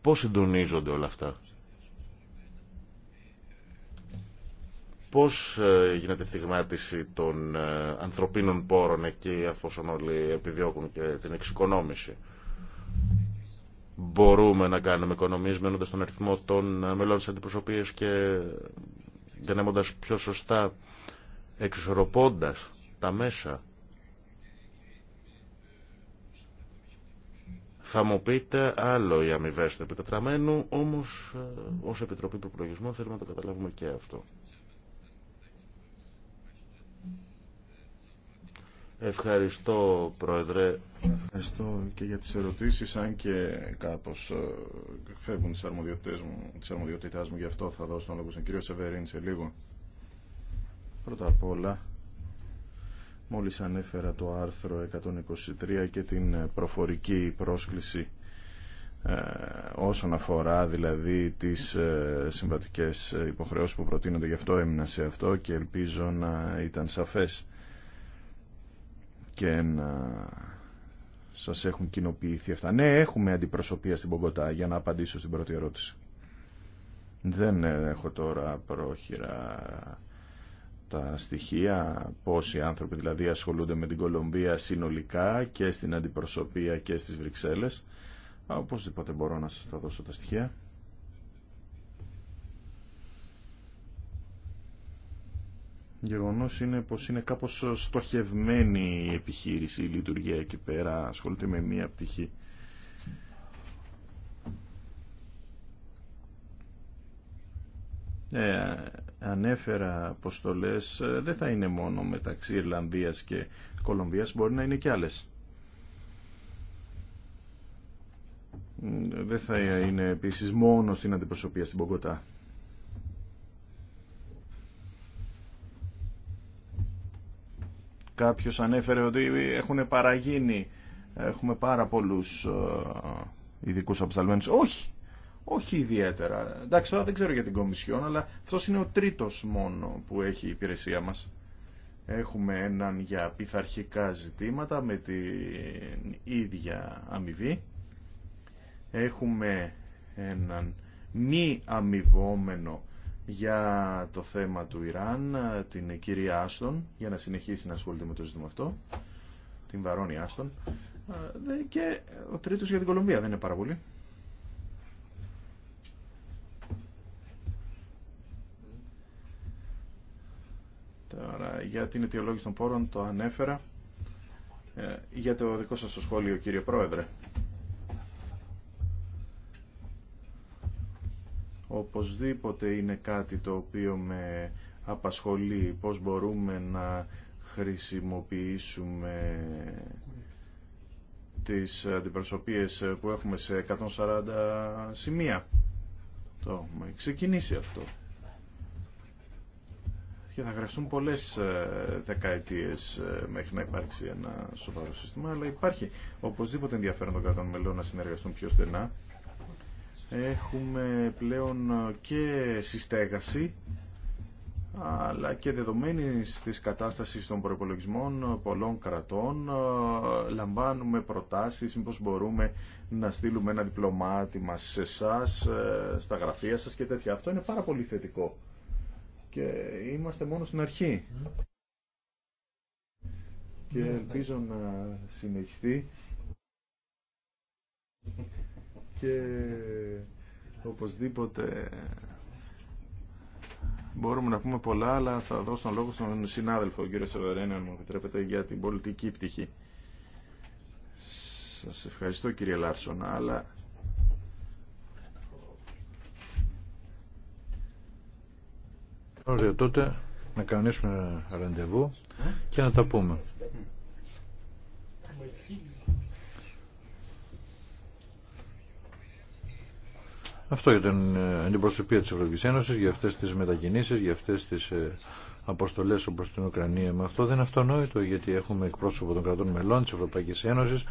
πώ συντονίζονται όλα αυτά. Πώς ε, γίνεται η θυγμάτιση των ε, ανθρωπίνων πόρων εκεί, αφόσον όλοι επιδιώκουν και την εξοικονόμηση. Μπορούμε να κάνουμε οικονομίες μένοντας τον αριθμό των μελών της αντιπροσωπείας και γεννέμοντας πιο σωστά, εξισορροπώντας τα μέσα. Θα μου πείτε άλλο οι αμοιβέ του επιτετραμένου, όμως ε, ως Επιτροπή Προπολογισμών θέλουμε να το καταλάβουμε και αυτό. Ευχαριστώ, Πρόεδρε. Ευχαριστώ και για τις ερωτήσεις, αν και κάπως ε, φεύγουν τις μου, αρμοδιότητάς μου, γι' αυτό θα δώσω τον λόγο στον κύριο Σεβερίν σε λίγο. Πρώτα απ' όλα, Μόλις ανέφερα το άρθρο 123 και την ε, προφορική πρόσκληση ε, όσον αφορά δηλαδή τις ε, συμβατικές υποχρεώσεις που προτείνονται γι' αυτό έμεινα σε αυτό και ελπίζω να ήταν σαφές και να σας έχουν κοινοποιηθεί αυτά. Ναι, έχουμε αντιπροσωπεία στην Πογκοτά για να απαντήσω στην πρώτη ερώτηση. Δεν έχω τώρα πρόχειρα τα στοιχεία, πόσοι άνθρωποι δηλαδή ασχολούνται με την Κολομβία συνολικά και στην αντιπροσωπεία και στις Βρυξέλλες. Οπωσδήποτε μπορώ να σας τα δώσω τα στοιχεία. Γεγονός είναι πως είναι κάπως στοχευμένη η επιχείρηση, η λειτουργία εκεί πέρα, ασχολείται με μία πτυχή Ε, ανέφερα αποστολές ε, δεν θα είναι μόνο μεταξύ Ιρλανδίας και Κολομβίας, μπορεί να είναι και άλλες. Ε, δεν θα είναι επίσης μόνο στην αντιπροσωπεία στην Πογκοτά. Κάποιος ανέφερε ότι έχουν παραγίνει, έχουμε πάρα πολλούς ειδικού αποσταλμένους. Όχι! Όχι ιδιαίτερα. Εντάξει, δεν ξέρω για την Κομισιόν, αλλά αυτό είναι ο τρίτος μόνο που έχει η υπηρεσία μας. Έχουμε έναν για πειθαρχικά ζητήματα με την ίδια αμοιβή. Έχουμε έναν μη αμοιβόμενο για το θέμα του Ιράν, την κυρία Άστον, για να συνεχίσει να ασχολείται με το ζήτημα αυτό, την Βαρόνη Άστον, ε, και ο τρίτος για την Κολομπία, δεν είναι πάρα πολύ. Τώρα, για την αιτιολόγηση των πόρων το ανέφερα. Ε, για το δικό σας σχόλιο, κύριε Πρόεδρε. Οπωσδήποτε είναι κάτι το οποίο με απασχολεί πώς μπορούμε να χρησιμοποιήσουμε τις αντιπροσωπείες που έχουμε σε 140 σημεία. Το έχουμε ξεκινήσει αυτό και θα χρειαστούν πολλές ε, δεκαετίες ε, μέχρι να υπάρξει ένα σοβαρό σύστημα, αλλά υπάρχει οπωσδήποτε ενδιαφέρον των κρατών μελών να συνεργαστούν πιο στενά. Έχουμε πλέον ε, και συστέγαση, αλλά και δεδομένη της κατάστασης των προπολογισμών πολλών κρατών, λαμβάνουμε προτάσεις, μήπως μπορούμε να στείλουμε ένα διπλωμάτι μας σε εσά, στα γραφεία σας και τέτοια. Αυτό είναι πάρα πολύ θετικό και είμαστε μόνο στην αρχή. Και ναι, ελπίζω να συνεχιστεί και οπωσδήποτε μπορούμε να πούμε πολλά, αλλά θα δώσω τον λόγο στον συνάδελφο, κύριο Σεβερένη, αν μου επιτρέπετε, για την πολιτική πτυχή. Σας ευχαριστώ κύριε Λάρσον, αλλά Ωραία, τότε να κανονίσουμε ραντεβού και να τα πούμε. Αυτό για την ε, αντιπροσωπεία της Ευρωπαϊκής Ένωσης, για αυτές τις μετακινήσεις, για αυτές τις ε, αποστολές όπως την Ουκρανία. Με αυτό δεν είναι αυτονόητο γιατί έχουμε εκπρόσωπο των κρατών μελών της Ευρωπαϊκής Ένωσης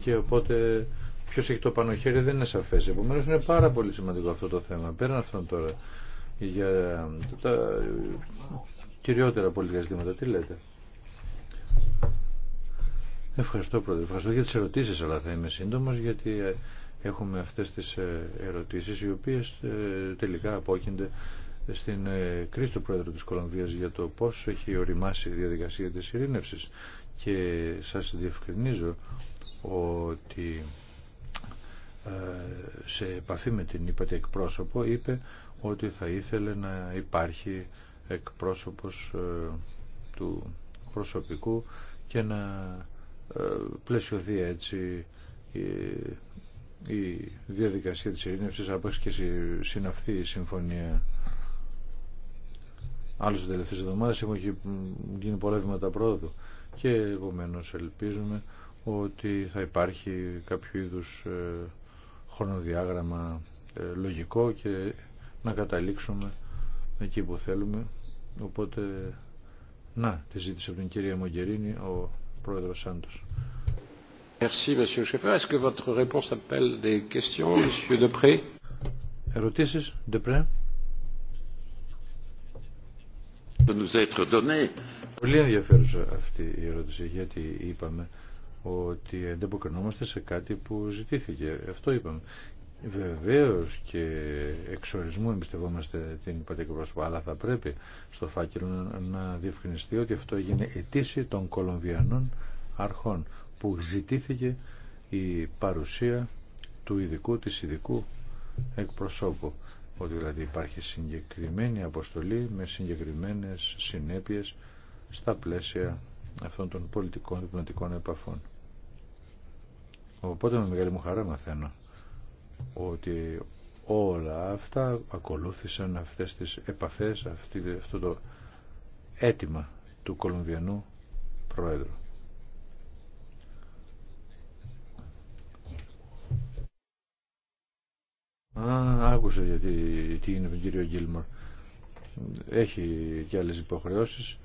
και οπότε ποιος έχει το πάνω χέρι δεν είναι σαφές. Επομένως είναι πάρα πολύ σημαντικό αυτό το θέμα. Πέραν αυτόν τώρα για τα κυριότερα πολιτικά ζητήματα. Τι λέτε. Ευχαριστώ πρόεδρε. Ευχαριστώ για τις ερωτήσεις αλλά θα είμαι σύντομος γιατί ε, έχουμε αυτές τις ε, ερωτήσεις οι οποίες ε, τελικά απόκεινται στην κρίση του πρόεδρου της Κολομβίας για το πώς έχει οριμάσει η διαδικασία της ειρήνευσης και σας διευκρινίζω ότι σε επαφή με την είπατε εκπρόσωπο είπε ότι θα ήθελε να υπάρχει εκπρόσωπος ε, του προσωπικού και να ε, πλαισιωθεί έτσι η διαδικασία της ειρήνευσης από και συναυθεί η συμφωνία άλλωστε τελευταίες εβδομάδες έχουν γίνει πολλά βήματα πρόοδου και επομένως ελπίζουμε ότι θα υπάρχει κάποιο είδους ε, χρονοδιάγραμμα λογικό και να καταλήξουμε εκεί που θέλουμε. Οπότε, να, τη ζήτησε από την κυρία Μογκερίνη ο πρόεδρος Σάντο. Merci, Monsieur est Est-ce que votre réponse appelle des questions, Monsieur Depré Ερωτήσεις, Depré De nous être donné. Πολύ ενδιαφέρουσα αυτή η ερώτηση, γιατί είπαμε ότι ανταποκρινόμαστε σε κάτι που ζητήθηκε. Αυτό είπαμε. Βεβαίω και εξορισμού εμπιστευόμαστε την υπατική αλλά θα πρέπει στο φάκελο να διευκρινιστεί ότι αυτό έγινε αιτήση των Κολομβιανών αρχών που ζητήθηκε η παρουσία του ειδικού, της ειδικού εκπροσώπου. Ότι δηλαδή υπάρχει συγκεκριμένη αποστολή με συγκεκριμένες συνέπειες στα πλαίσια αυτών των πολιτικών διπλωματικών επαφών. Οπότε με μεγάλη μου χαρά μαθαίνω ότι όλα αυτά ακολούθησαν αυτές τις επαφές, αυτή, αυτό το αίτημα του Κολομβιανού Πρόεδρου. Α, άκουσα γιατί τι είναι τον κύριο Γκίλμορ. Έχει και άλλες υποχρεώσεις.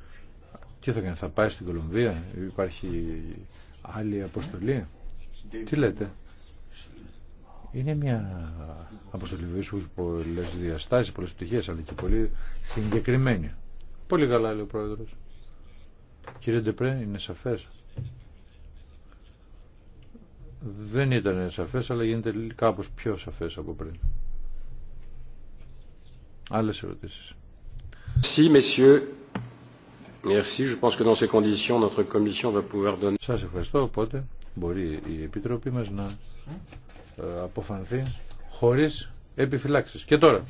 Τι θα κάνει, θα πάει στην Κολομβία, υπάρχει άλλη αποστολή. Τι λέτε. Είναι μια αποστολή που έχει πολλέ διαστάσει, πολλέ πτυχέ, αλλά και πολύ συγκεκριμένη. Πολύ καλά λέει ο πρόεδρο. Κύριε Ντεπρέ, είναι σαφέ. Δεν ήταν σαφέ, αλλά γίνεται κάπω πιο σαφέ από πριν. Άλλε ερωτήσει. Σα ευχαριστώ, οπότε μπορεί η Επιτροπή μας να ε, αποφανθεί χωρίς επιφυλάξεις. Και τώρα,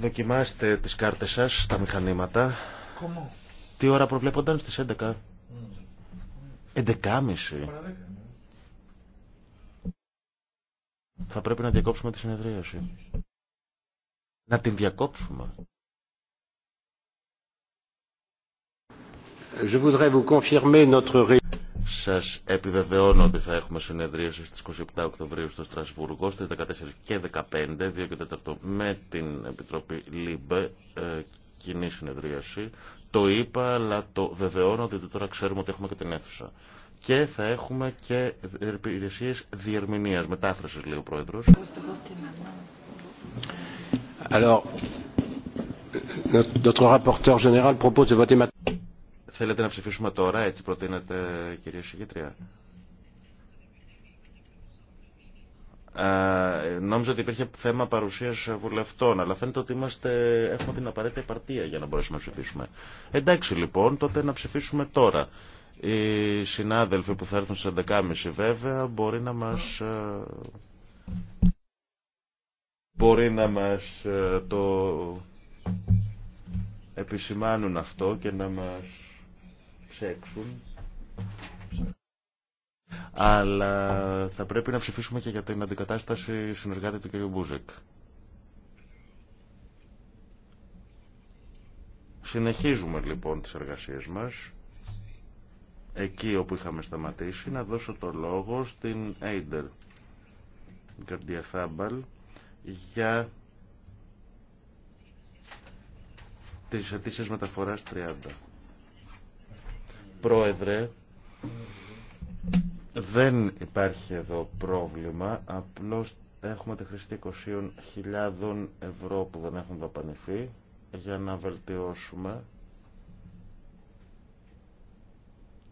Δοκιμάστε τις κάρτες σας στα μηχανήματα. Τι ώρα προβλέπονταν στις 11. 11.30. Mm. Θα πρέπει να διακόψουμε τη συνεδρίαση. Να την διακόψουμε. Je Σας επιβεβαιώνω ότι θα έχουμε συνεδρίαση στις 27 Οκτωβρίου στο Στρασβούργο στις 14 και 15, 2 και 4 με την Επιτροπή ΛΥΜΠΕ, ε, κοινή συνεδρίαση. Το είπα, αλλά το βεβαιώνω, διότι τώρα ξέρουμε ότι έχουμε και την αίθουσα. Και θα έχουμε και υπηρεσίε διερμηνία, μετάφραση, λέει ο Πρόεδρο. Alors, notre, rapporteur général propose de voter maintenant. Θέλετε να ψηφίσουμε τώρα, έτσι προτείνετε κυρία Συγγήτρια. νόμιζα ότι υπήρχε θέμα παρουσίας βουλευτών, αλλά φαίνεται ότι είμαστε, έχουμε την απαραίτητη επαρτία για να μπορέσουμε να ψηφίσουμε. Εντάξει λοιπόν, τότε να ψηφίσουμε τώρα. Οι συνάδελφοι που θα έρθουν στις 11.30 βέβαια μπορεί να μας... Ε, μπορεί να μας ε, το επισημάνουν αυτό και να μας προσέξουν. Αλλά θα πρέπει να ψηφίσουμε και για την αντικατάσταση συνεργάτη του κ. Μπούζεκ. Συνεχίζουμε λοιπόν τις εργασίες μας εκεί όπου είχαμε σταματήσει να δώσω το λόγο στην Έιντερ Καρδιαθάμπαλ για τις αιτήσεις μεταφοράς 30. Πρόεδρε, δεν υπάρχει εδώ πρόβλημα, απλώς έχουμε τη χρηστή 20.000 ευρώ που δεν έχουν δαπανηθεί για να βελτιώσουμε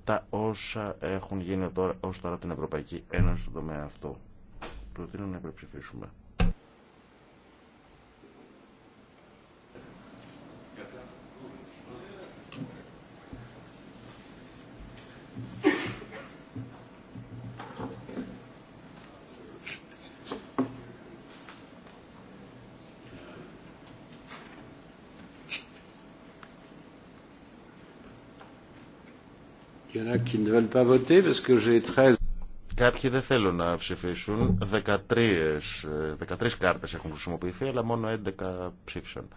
τα όσα έχουν γίνει τώρα, ως τώρα την Ευρωπαϊκή Ένωση στον τομέα αυτό. Προτείνω να υπερψηφίσουμε. Κάποιοι δεν θέλουν να ψηφίσουν. 13, 13 ε, κάρτες έχουν χρησιμοποιηθεί, αλλά μόνο 11 ψήφισαν.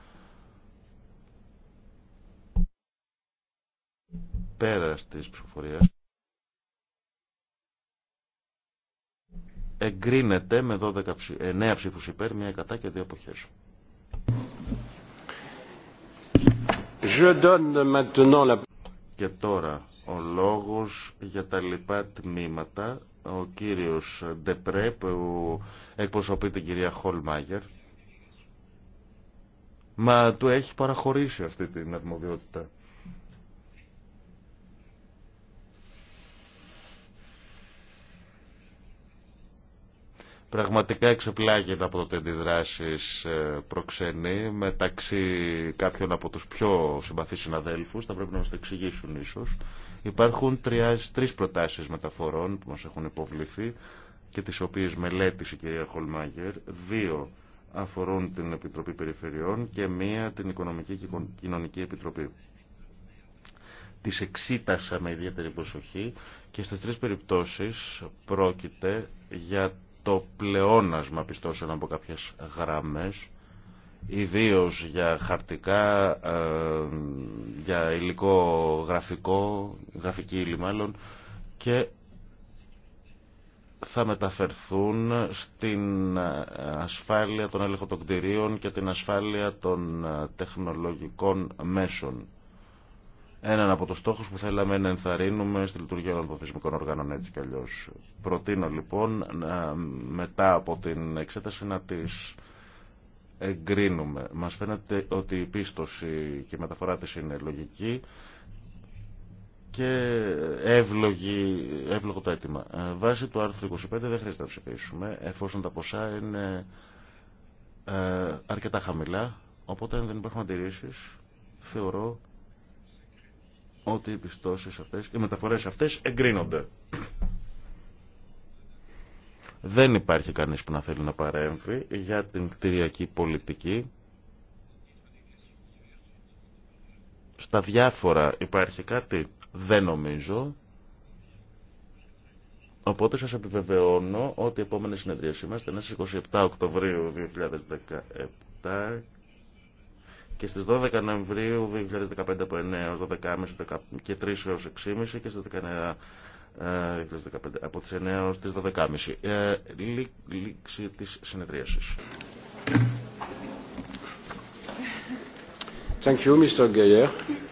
Πέρα της ψηφοφορίας. Εγκρίνεται με 12, 9 ε, ψήφους υπέρ, μία κατά και δύο αποχές. Και τώρα ο λόγος για τα λοιπά τμήματα. Ο κύριος Ντεπρέ που εκπροσωπεί την κυρία Χολμάγερ. Μα του έχει παραχωρήσει αυτή την αρμοδιότητα. Πραγματικά εξεπλάγεται από τότε αντιδράσεις ε, προξενή μεταξύ κάποιων από τους πιο συμπαθείς συναδέλφους, θα πρέπει να μας το εξηγήσουν ίσως. Υπάρχουν τρει τρεις προτάσεις μεταφορών που μας έχουν υποβληθεί και τις οποίες μελέτησε η κυρία Χολμάγερ. Δύο αφορούν την Επιτροπή Περιφερειών και μία την Οικονομική και Κοινωνική Επιτροπή. Τις εξήτασα με ιδιαίτερη προσοχή και στις τρεις περιπτώσεις πρόκειται για το πλεόνασμα πιστώσεων από κάποιες γραμμές ιδίως για χαρτικά, ε, για υλικό γραφικό, γραφική ύλη μάλλον, και θα μεταφερθούν στην ε, ασφάλεια των έλεγχων των κτηρίων και την ασφάλεια των ε, τεχνολογικών μέσων έναν από τους στόχους που θέλαμε να ενθαρρύνουμε στη λειτουργία των θεσμικών οργάνων έτσι κι αλλιώς. Προτείνω λοιπόν μετά από την εξέταση να τις εγκρίνουμε. Μας φαίνεται ότι η πίστοση και η μεταφορά της είναι λογική και εύλογη, εύλογο το αίτημα. Ε, βάσει του άρθρου 25 δεν χρειάζεται να ψηφίσουμε εφόσον τα ποσά είναι ε, αρκετά χαμηλά οπότε αν δεν υπάρχουν αντιρρήσεις θεωρώ ότι οι πιστώσεις αυτές, οι μεταφορές αυτές εγκρίνονται. Δεν υπάρχει κανείς που να θέλει να παρέμβει για την κτηριακή πολιτική. Στα διάφορα υπάρχει κάτι, δεν νομίζω. Οπότε σας επιβεβαιώνω ότι η επόμενη συνεδρίαση μας είναι στις 27 Οκτωβρίου 2017 και στις 12 Νοεμβρίου 2015 από 9 ως 12.30 και 3 έως 6.30 και στις 19 2015, ε, από τις 9 ως τις 12.30 ε, λήξη της συνεδρίασης Thank